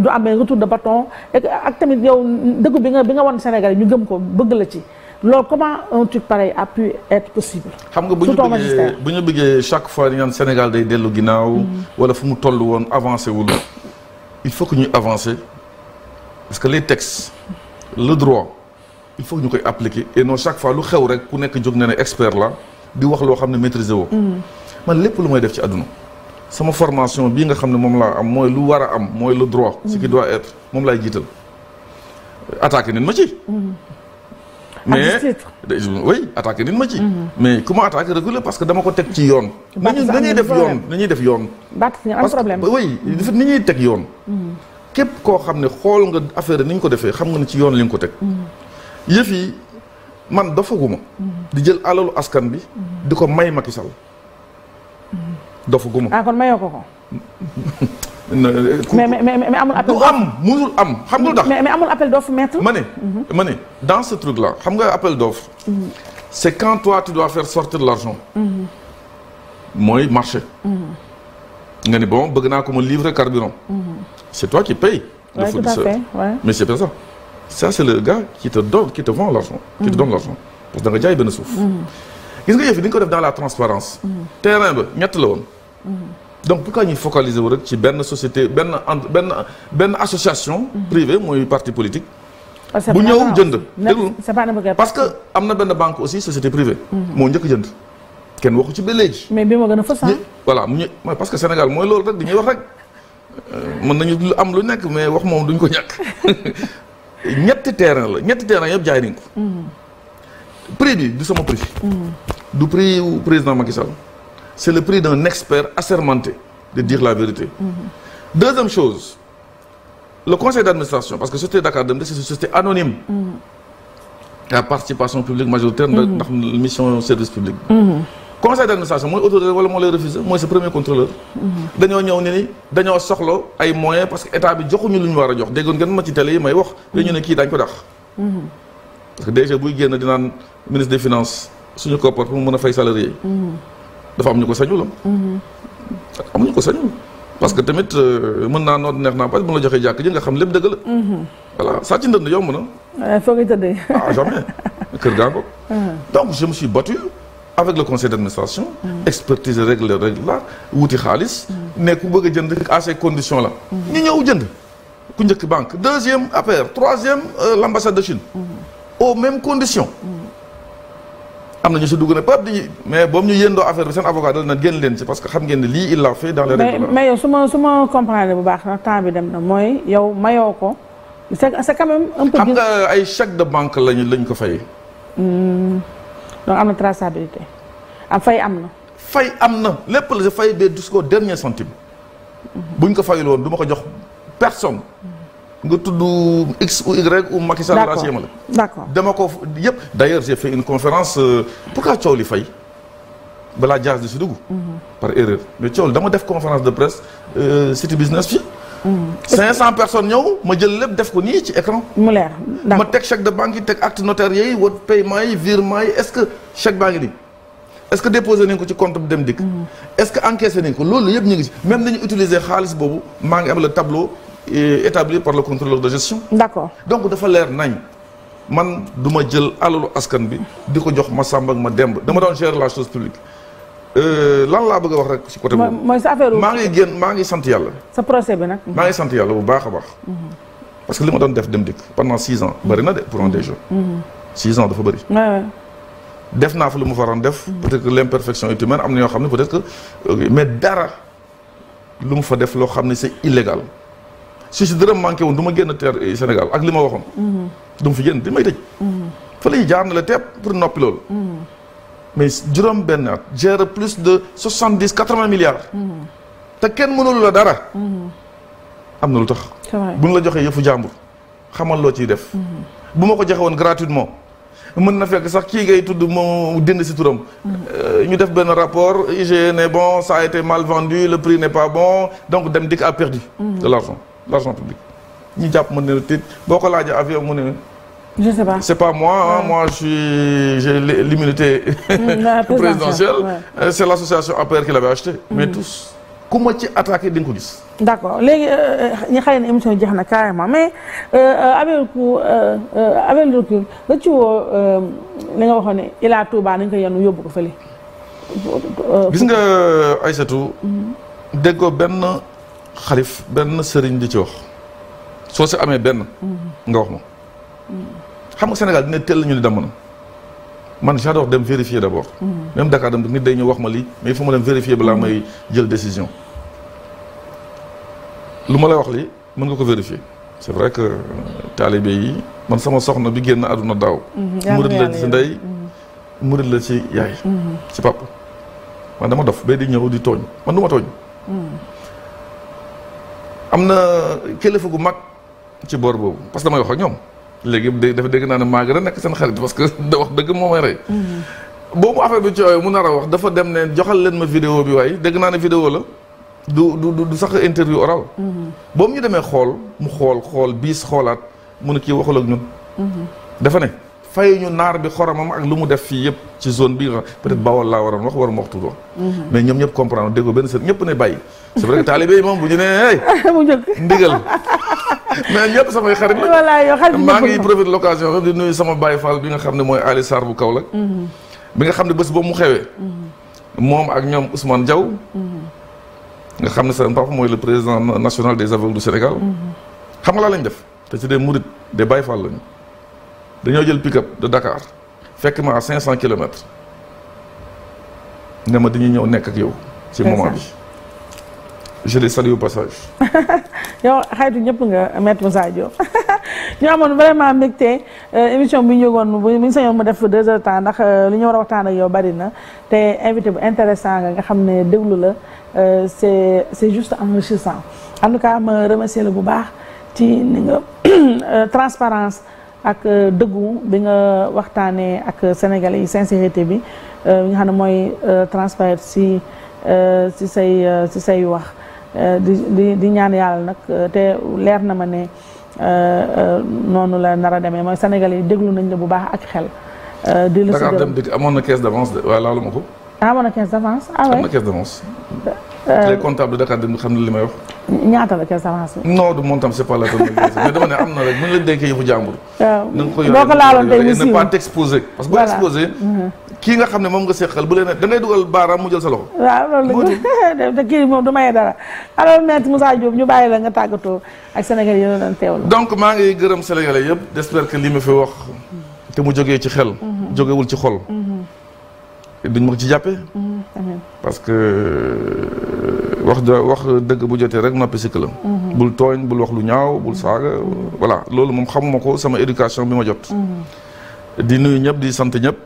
du am retour de bâton ak tamit yow dëggu bi nga bi nga wan Sénégalais ñu gëm ko bëgg la ci. loolu comment un truc pareil a pu être xam nga bu ñu bëggee bu ñu bëggee chaque fois ñu naan Sénégal day dellu ginnaaw. Mm-hmm. wala fu mu toll woon avancé wul. il faut que ñu avancer parce que les textes le droit il faut que ñu koy appliquer et non chaque fois lu xew rek ku nekk jóg na ne expert la di wax loo xam ne maîtriser woo. Mm-hmm. man lépp lu may def ci àdduna. sama formation bii nga xam ne moom laa am mooy lu war a am mooy le droit. ce qui mm-hmm. doit être moom laay jiital attaqué nañ ma ci. mais oui attaqué nit ma ci. Mhm. mais ku ma attaqué reculer parce que dama ko teg ci yoon. nañuy dañuy def yoon dañuy def yoon. parce que mhm. ñuy teg yoon. Mhm. képp koo xam ne xool nga affaire ni ñu ko defee xam nga ne ci yoon li nga ko teg. yëf yi man dofaguma di jël alalu askan bi. di ko may Macky Sall. dofaguma ah kon mayoo ko. Eh, mais mais mais amul appel du am musul am xam nga tax mais mais amul appel d'offre maître. ma ne mhm. ma ne dans ce truc là xam nga appel d'offre. Mhm. c'est quand toi tu dois faire sortir l'argent. Mhm. mooy marché. nga ni bon bëgg naa ko ma livrer carburant. c'est toi qui paye. le fournisseur mais c'est pas ça. ça c'est le gars qui te donne qui te vend l'argent. qui te donne l'argent parce que da nga jaay benn suuf. gis nga yëf yi di nga ko def dans la transparence terrain ba ñett la woon. donc pourquoi ñuy focaliser wu rek ci benn société benn entre benn benn association. Mhm. privée mooy parti politique. Ah, bu ñëw jënd déglu parce que am na benn banque aussi société privée. Mhm. moo njëkk jënd. kenn waxu ci ba léegi. mais bi ma gën a fës voilà mu ñu parce que Sénégal mooy loolu rek dañuy wax rek euh, mën nañu lu am lu nekk mais wax moom duñ ko ñàkk ñetti terrain la ñetti terrain yëpp jaay nañ ko. Mhm. prix bi du sama prix. du prix président Macky Sall. c'est le prix d'un expert assermenté de dire la vérité. Mmh. Deuxième chose, le conseil d'administration, parce que c'était Dakar Dem Dikk, c'est une société anonyme. Mmh. à participation publique majoritaire. ndax mm-hmm. mission service public. Mm-hmm. conseil d'administration mooy autorité wala moo lay refusé mooy sa premier contrôleur. Mm-hmm. dañoo ñëw ne ni dañoo soxla ay moyen parce que état bi joxuñu lu war a jox déggoon ngeen ma ci télé yi may wax. dañu ne kii daañu ko parce que DG buy génn di naan ministre des suñu koppar pour mu mën a fay salarié yi. dafa am ñu ko sañul am. Mm-hmm. amuñu ko sañul. parce que tamit euh, mën naa noon neex naa parce que bu la joxee jàkk ji nga xam lépp dëgg la. Mm-hmm. voilà sàcc ndënd yomb na. foo koy tëddee. ah jamais kër gaa ko. Mm-hmm. donc je me suis battu avec le conseil d' administration. expertise règle règle la wuti xaalis. ne ku bëgg jënd à ces conditions la. ñu ñëw jënd ku njëkk banque deuxième APR troisième euh, l' ambassade de Chine. au même conditions. am na ñu si dugg ne peuple di mais boobu ñu yéendoo affaire bi seen avocat dal na génn leen ci parce que xam ngeen ne lii il l'a fait dans les règles mais bu baax nag na mooy yow mayoo ko c'est quand même un xam nga ay chèque de banque lañu lañ ko fay hmm. donc am na traçabilité am ah, fay am na fay am na lépp la fay ba jusqu'au dernier centime hmm. buñ ko fayul woon du ma ko jox personne nga tudd X ou Y ou Macky Sall laa ci yemale d'accord dama ko yëpp d'ailleurs j'ai fait une conférence euh, pourquoi coow li fay balaa jaas di si dugg mhm. par erreur mais coow li dama def conférence de presse euh, city business fii mhm. cinq cent personne ñëw ma jël lépp def ko nii ci écran ma teg chèque de banque yi teg acte notaire yi wat paiement yi virement yi est-ce que chèque baa ngi nii est-ce que déposé nañ ko ci compte dem dikk mhm. est-ce que encaissé nañ ko loolu yëpp ñu ngi si même nañu utiliser xaalis boobu maa ngi am le tableau établi par le contrôleur de gestion. d'accord donc dafa leer nañ. man du ma jël alalu askan bi di ko jox ma sàmb ak ma demb dama doon gérer la chose publique euh, lan laa bëgg a wax rek. ci côté boobu mooy sa affaire maa ngi génn maa ngi sant yàlla. sa procès bi nag. maa ngi sant yàlla bu baax a baax. Mhm. parce que li ma doon def dem dikk pendant six ans bëri na de pour un des jeunes. Mhm. six ans dafa bëri. def naa fa lu mu faroon def. Mhm. peut-être que l'imperfection est humaine am na yoo si si dërëm manqué woon du ma génn teer Sénégal ak li ma waxoon. du ma fi génn di may tëj. fa lay jaar na la tepp pour noppi loolu. mais juróom benn at gère plus de soixante dix quatre vingt milliards. te kenn mënul la dara. am na lu tax. bu ñu la joxee yëfu jàmbur xamal loo ciy def. bu ma ko joxe woon gratuitement. mën na fekk sax kii ngay tudd moo dind si turam. Euh, ñu def benn rapport IGE ne bon ça a été mal vendu le prix n'est pas bon donc dem dikk a perdu. l' argent ñu jàpp mën ne boo ko laajee avion mu ne. je sais pas c'est pas moi hein, moi je suis j'ai l'immunité présidentielle euh, c'est l'association APR qui l'avait acheté mmh. mais mm. tous ku ci attaqué di nga ko gis d'accord léegi euh, euh, ñu xay na émission jeex na carrément mais avec avec le recul da ci woo li nga waxoon ne Ila Touba nañ ko yenu yóbbu ko fële gis nga Aïssatou mm. déggoo benn xalif benn sëriñ di ci wax soo si amee benn nga wax ma xam nga Sénégal dina teel ñu ne damm na man j'adore dem vérifier d'abord même Dakar dem nit day ñu wax ma lii mais il faut ma dem vérifier ma lay wax lii mën nga ko vérifier c'est vrai que taalibe yi man sama soxna bi génn àdduna daaw mhm. murid la ci ndey mhm. murid la ci yaay mhm. ci papa man dama dof ba di ñëw di tooñ man du tooñ am na kilifa gu mag ci boor boobu parce que damay wax ak ñoom léegi dafa dégg naa ne maa gën a nekk seen xarit parce que da wax dëgg moo may rey. Mm-hmm. boobu affaire bi ci mu nar a wax dafa dem ne joxal leen ma vidéo bi waaye dégg naa ne vidéo la du du du sax interview oral. Mm-hmm. boobu ñu demee xool mu xool xool biis xoolaat mu ne kii waxul ak ñun. Mm-hmm. dafa ne. fayuñu naar bi xoromam ak lu mu def fii yëpp ci zone bi nga peut être bawol laa waroon wax waruma wax tudd mhm. mais ñoom ñëpp comprendre déggoo benn sëriñ ñëpp ne bàyyi c'est moom bu ñu nee mais ñëpp samay xarit la maa ngi profité l'occasion xam di nuyu sama Baye Fall bi nga xam ne mooy Ali Sarr bu Kaolack mhm. bi nga xam ne bés boobu mu xewee mhm. moom ak ñoom Ousmane Diaw nga xam ne seen papa mooy le président national des aveugles du Sénégal xam nga laa lañ def te ci des Mouride des Baye Fall lañu dañoo jël pick-up de Dakar fekk ma à 500 kilomètres ne ma dañuy ñëw nekk ak yow. ci moment bi. je les salue au passage. yow xaytu ñëpp nga maître Moussa Diop ñu amoon vraiment mbégte euh, émission bi ñu yëgoon bu ñu mu def deux heures temps ndax euh, li ñu war yow bari na te invité bu intéressant nga nga xam ne déglu la euh, c'est c'est juste enrichissant en tout remercier la bu baax ci ni nga transparence ak euh, dëggu bi nga waxtaanee ak sénégalais yi sincérité bi euh, bi nga xam ne mooy euh, transparent si si say si say wax di di di ñaan yàlla nag te leer na ma ne noonu la nar a demee mooy sénégalais yi déglu nañ la bu baax ak xel. di la si amoon na caisse d'avance de waaw laalu ma ko. amoon na caisse d'avance ah oui am na caisse Euh, les comptables Dakar dem xam ne li may wax. ñaata la ca semence bi. non du montam c'est pas la peine ko yore boo siiw pas t'exposer. parce que boo mhm. xam ne moom nga seqal bu da ngay dugal baaraam mu jël sa loxo. waaw loolu la te kii moom du maye dara alors maître Moussa Diop ñu bàyyi la nga tàggatoo ak Sénégal yi la doon teewlu. donc maa ngi gërëm Sénégalais yëpp j'espère que li ma fi wax te mu jógee ci xel. Mhm. jógewul ci xol. Mhm. duñ ma ko ci jàppee. parce que euh, wax da wax dëgg bu jotee rek noppi si këram. bul tooñ bul wax lu ñaaw bul saaga. voilà loolu moom xamuma ko sama éducation bi ma jot. di nuyu ñëpp di sant ñëpp.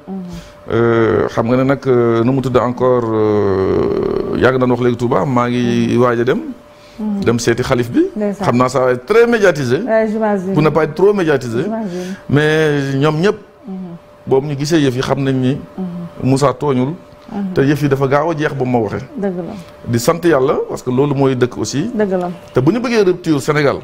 Euh, xam nga ne nag euh, nu mu tudd encore yàgg nañ wax léegi Touba maa ngi waaj a dem. dem seeti xalif bi. xam naa ça va être très médiatisé. pour ne pas trop médiatisé. mais ñoom ñëpp. Mm-hmm. boobu ñu gisee yëf yi xam nañ ni. Mm-hmm. Moussa tooñul. Mhm. te yëf yi dafa gaaw a jeex ba ma waxee. di sant yàlla parce que loolu mooy dëkk aussi. dëgg te bu ñu bëggee rupture Sénégal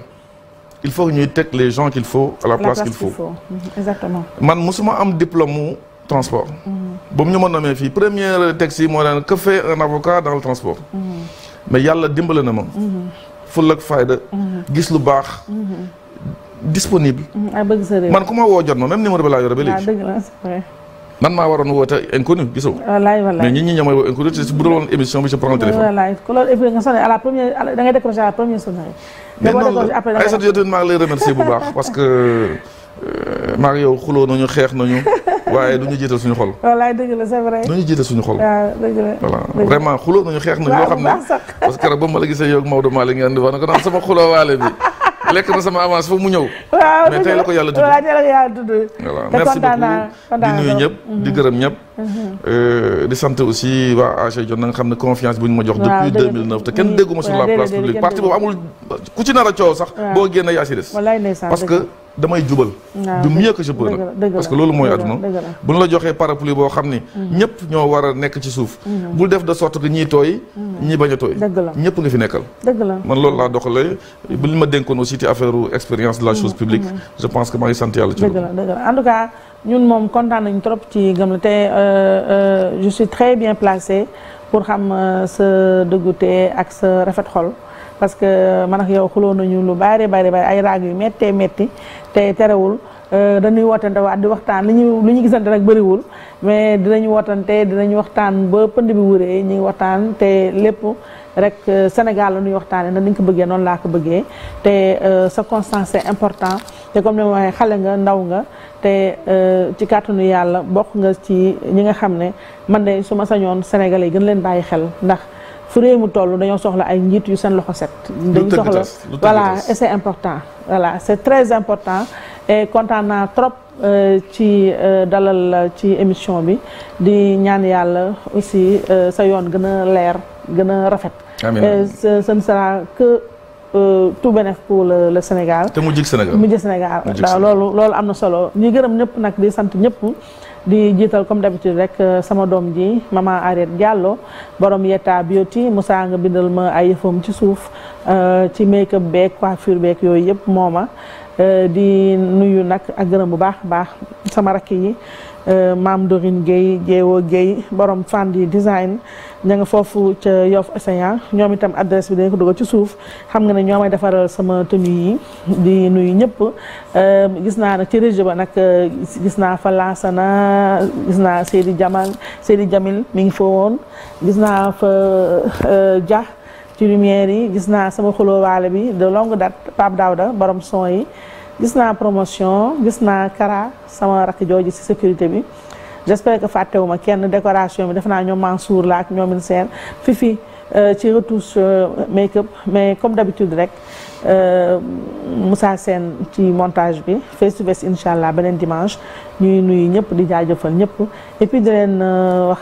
il faut ñuy teg les gens qu'il faut. à la place qu'il faut mhm, exactement. man musuma am diplôme mu transport. Mhm. ba mu ñu ma nommé fii première texte yi moo daan que fait un avocat dans transport. mais yàlla dimbale na ma. fulla ak fayda. gis lu baax. disponible. man ku ma woo jot ma même numéro bi laa yore ba ah, léegi. man maa waroon woote inconnu gisoo. wallaay wallaay mais ñi ñi ñoom mooy inconnu te bu dul woon émission bi ci prendre téléphone. la première da ngay décroché la première sonnerie. mais noonu remercier bu baax parce que euh, maa ngi yow xuloo nañu xeex nañu waaye du ñu jiital suñu xol. wallaay dëgg suñu xol. Ah, la voilà vraiment xuloo nañu xeex nañu. waaw loo xam ne parce que keroog ba ma la gisee yow ak Maodo Malick ngeen di sama xuloo waale bi lekk na sama avance foofu mu ñëw. waaw mais tey la ko yàlla tudd waaw tey la ko yàlla tudd. te kontaan di nuyu ñëpp di gërëm ñëpp. Mm-hmm. Euh, di sant aussi waa AG Jot na xam ne confiance bu ñu ma jox. depuis 2009 te kenn mm-hmm. dégguma sur la place publique parti boobu amul ku ci nar a coow sax. boo génnee yaa des. parce que. damay jubal ah, du mieux que je peux parce que loolu mooy àdduna bu ñu la joxee parapluie boo xam ni mm-hmm. ñëpp ñoo war a nekk ci suuf mm-hmm. bul def de sorte que ñii tooy mm-hmm. ñii bañ a tooy ñëpp nga fi nekkal man loolu laa doxalee bu ñu ma denkoon aussi ci affaire expérience de la chose publique je pense que maa ngi sant yàlla ci loolu en tout cas ñun moom kontaan nañ trop ci gëm la te euh, euh, je suis très bien placée pour xam euh, sa dëggute ak sa rafet xol parce que euh, man ak yow xuloo nañu lu bare bari bari ay raag yu méttee métti te terewul euh, dañuy wootante waat di waxtaan li ñuy li ñu gisante rek bëriwul mais dinañu wootante dinañu waxtaan ba pënd bi wuree ñu waxtaan te lépp rek euh, Sénégal la ñuy waxtaanee na ni ko bëggee noonu laa ko bëggee te sa constance important te comme ni ma waxee xale nga ndaw nga te ci kàttanu yàlla bokk nga ci ñi nga xam ne man de su ma sañoon Sénégalais yi gën leen bàyyi xel ndax. fu réew mu toll dañoo soxla ay njiit yu seen loxo set dañu soxla voilà et c'est important voilà c'est très important et kontaan naa trop euh, ci euh, dalal la ci émission bi di ñaan yàlla aussi euh, sa yoon gën a leer gën rafet ce ne sera que tout bénéf pour le Sénégal te mu jig Sénégal mu jig Sénégal loolu loolu am na solo ñuy gërëm ñëpp nag di sant ñëpp di jiital comme d'habitude rek euh, sama doom ji ma maman Arête Diallo borom Yeta Beauty Moussa nga bindal ma ay yëfam ci suuf euh, ci make beek beeg coiffure beeg yooyu yëpp moo ma euh, di nuyu nag ak gërëm bu baax baax sama rakki yi. Euh, Maam Dorine Guèye Jeewo Guèye borom Fandi design ña nga foofu ca Yoff Océan ñoom itam adresse bi dañ ko dugal ci suuf xam nga ne ñoo may defaral sama tenue di nuyu ñëpp euh, gis naa nag ci région ba nag euh, gis naa fa Laasana gis naa Seydi Jamal Seydi Jamil mi ngi fa woon gis naa fa Dia ci lumière yi gis naa sama xulóowaale bi de longue date Pape Daouda borom son yi gis naa promotion gis naa kara sama rakk jooju ci sécurité bi j'espère que fàttewuma kenn décoration bi def naa ñoom Mansour la ak ñoomin seen fifi euh, ci retouche euh, make up mais comme d'habitude rek euh, Moussa seen ci montage bi face to face incha allah beneen dimanche ñuy nuyu ñëpp di jaajëfal ñëpp et puis di leen wax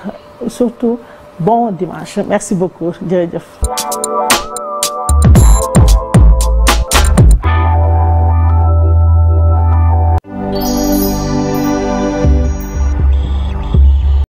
surtout bon dimanche merci beaucoup jërëjëf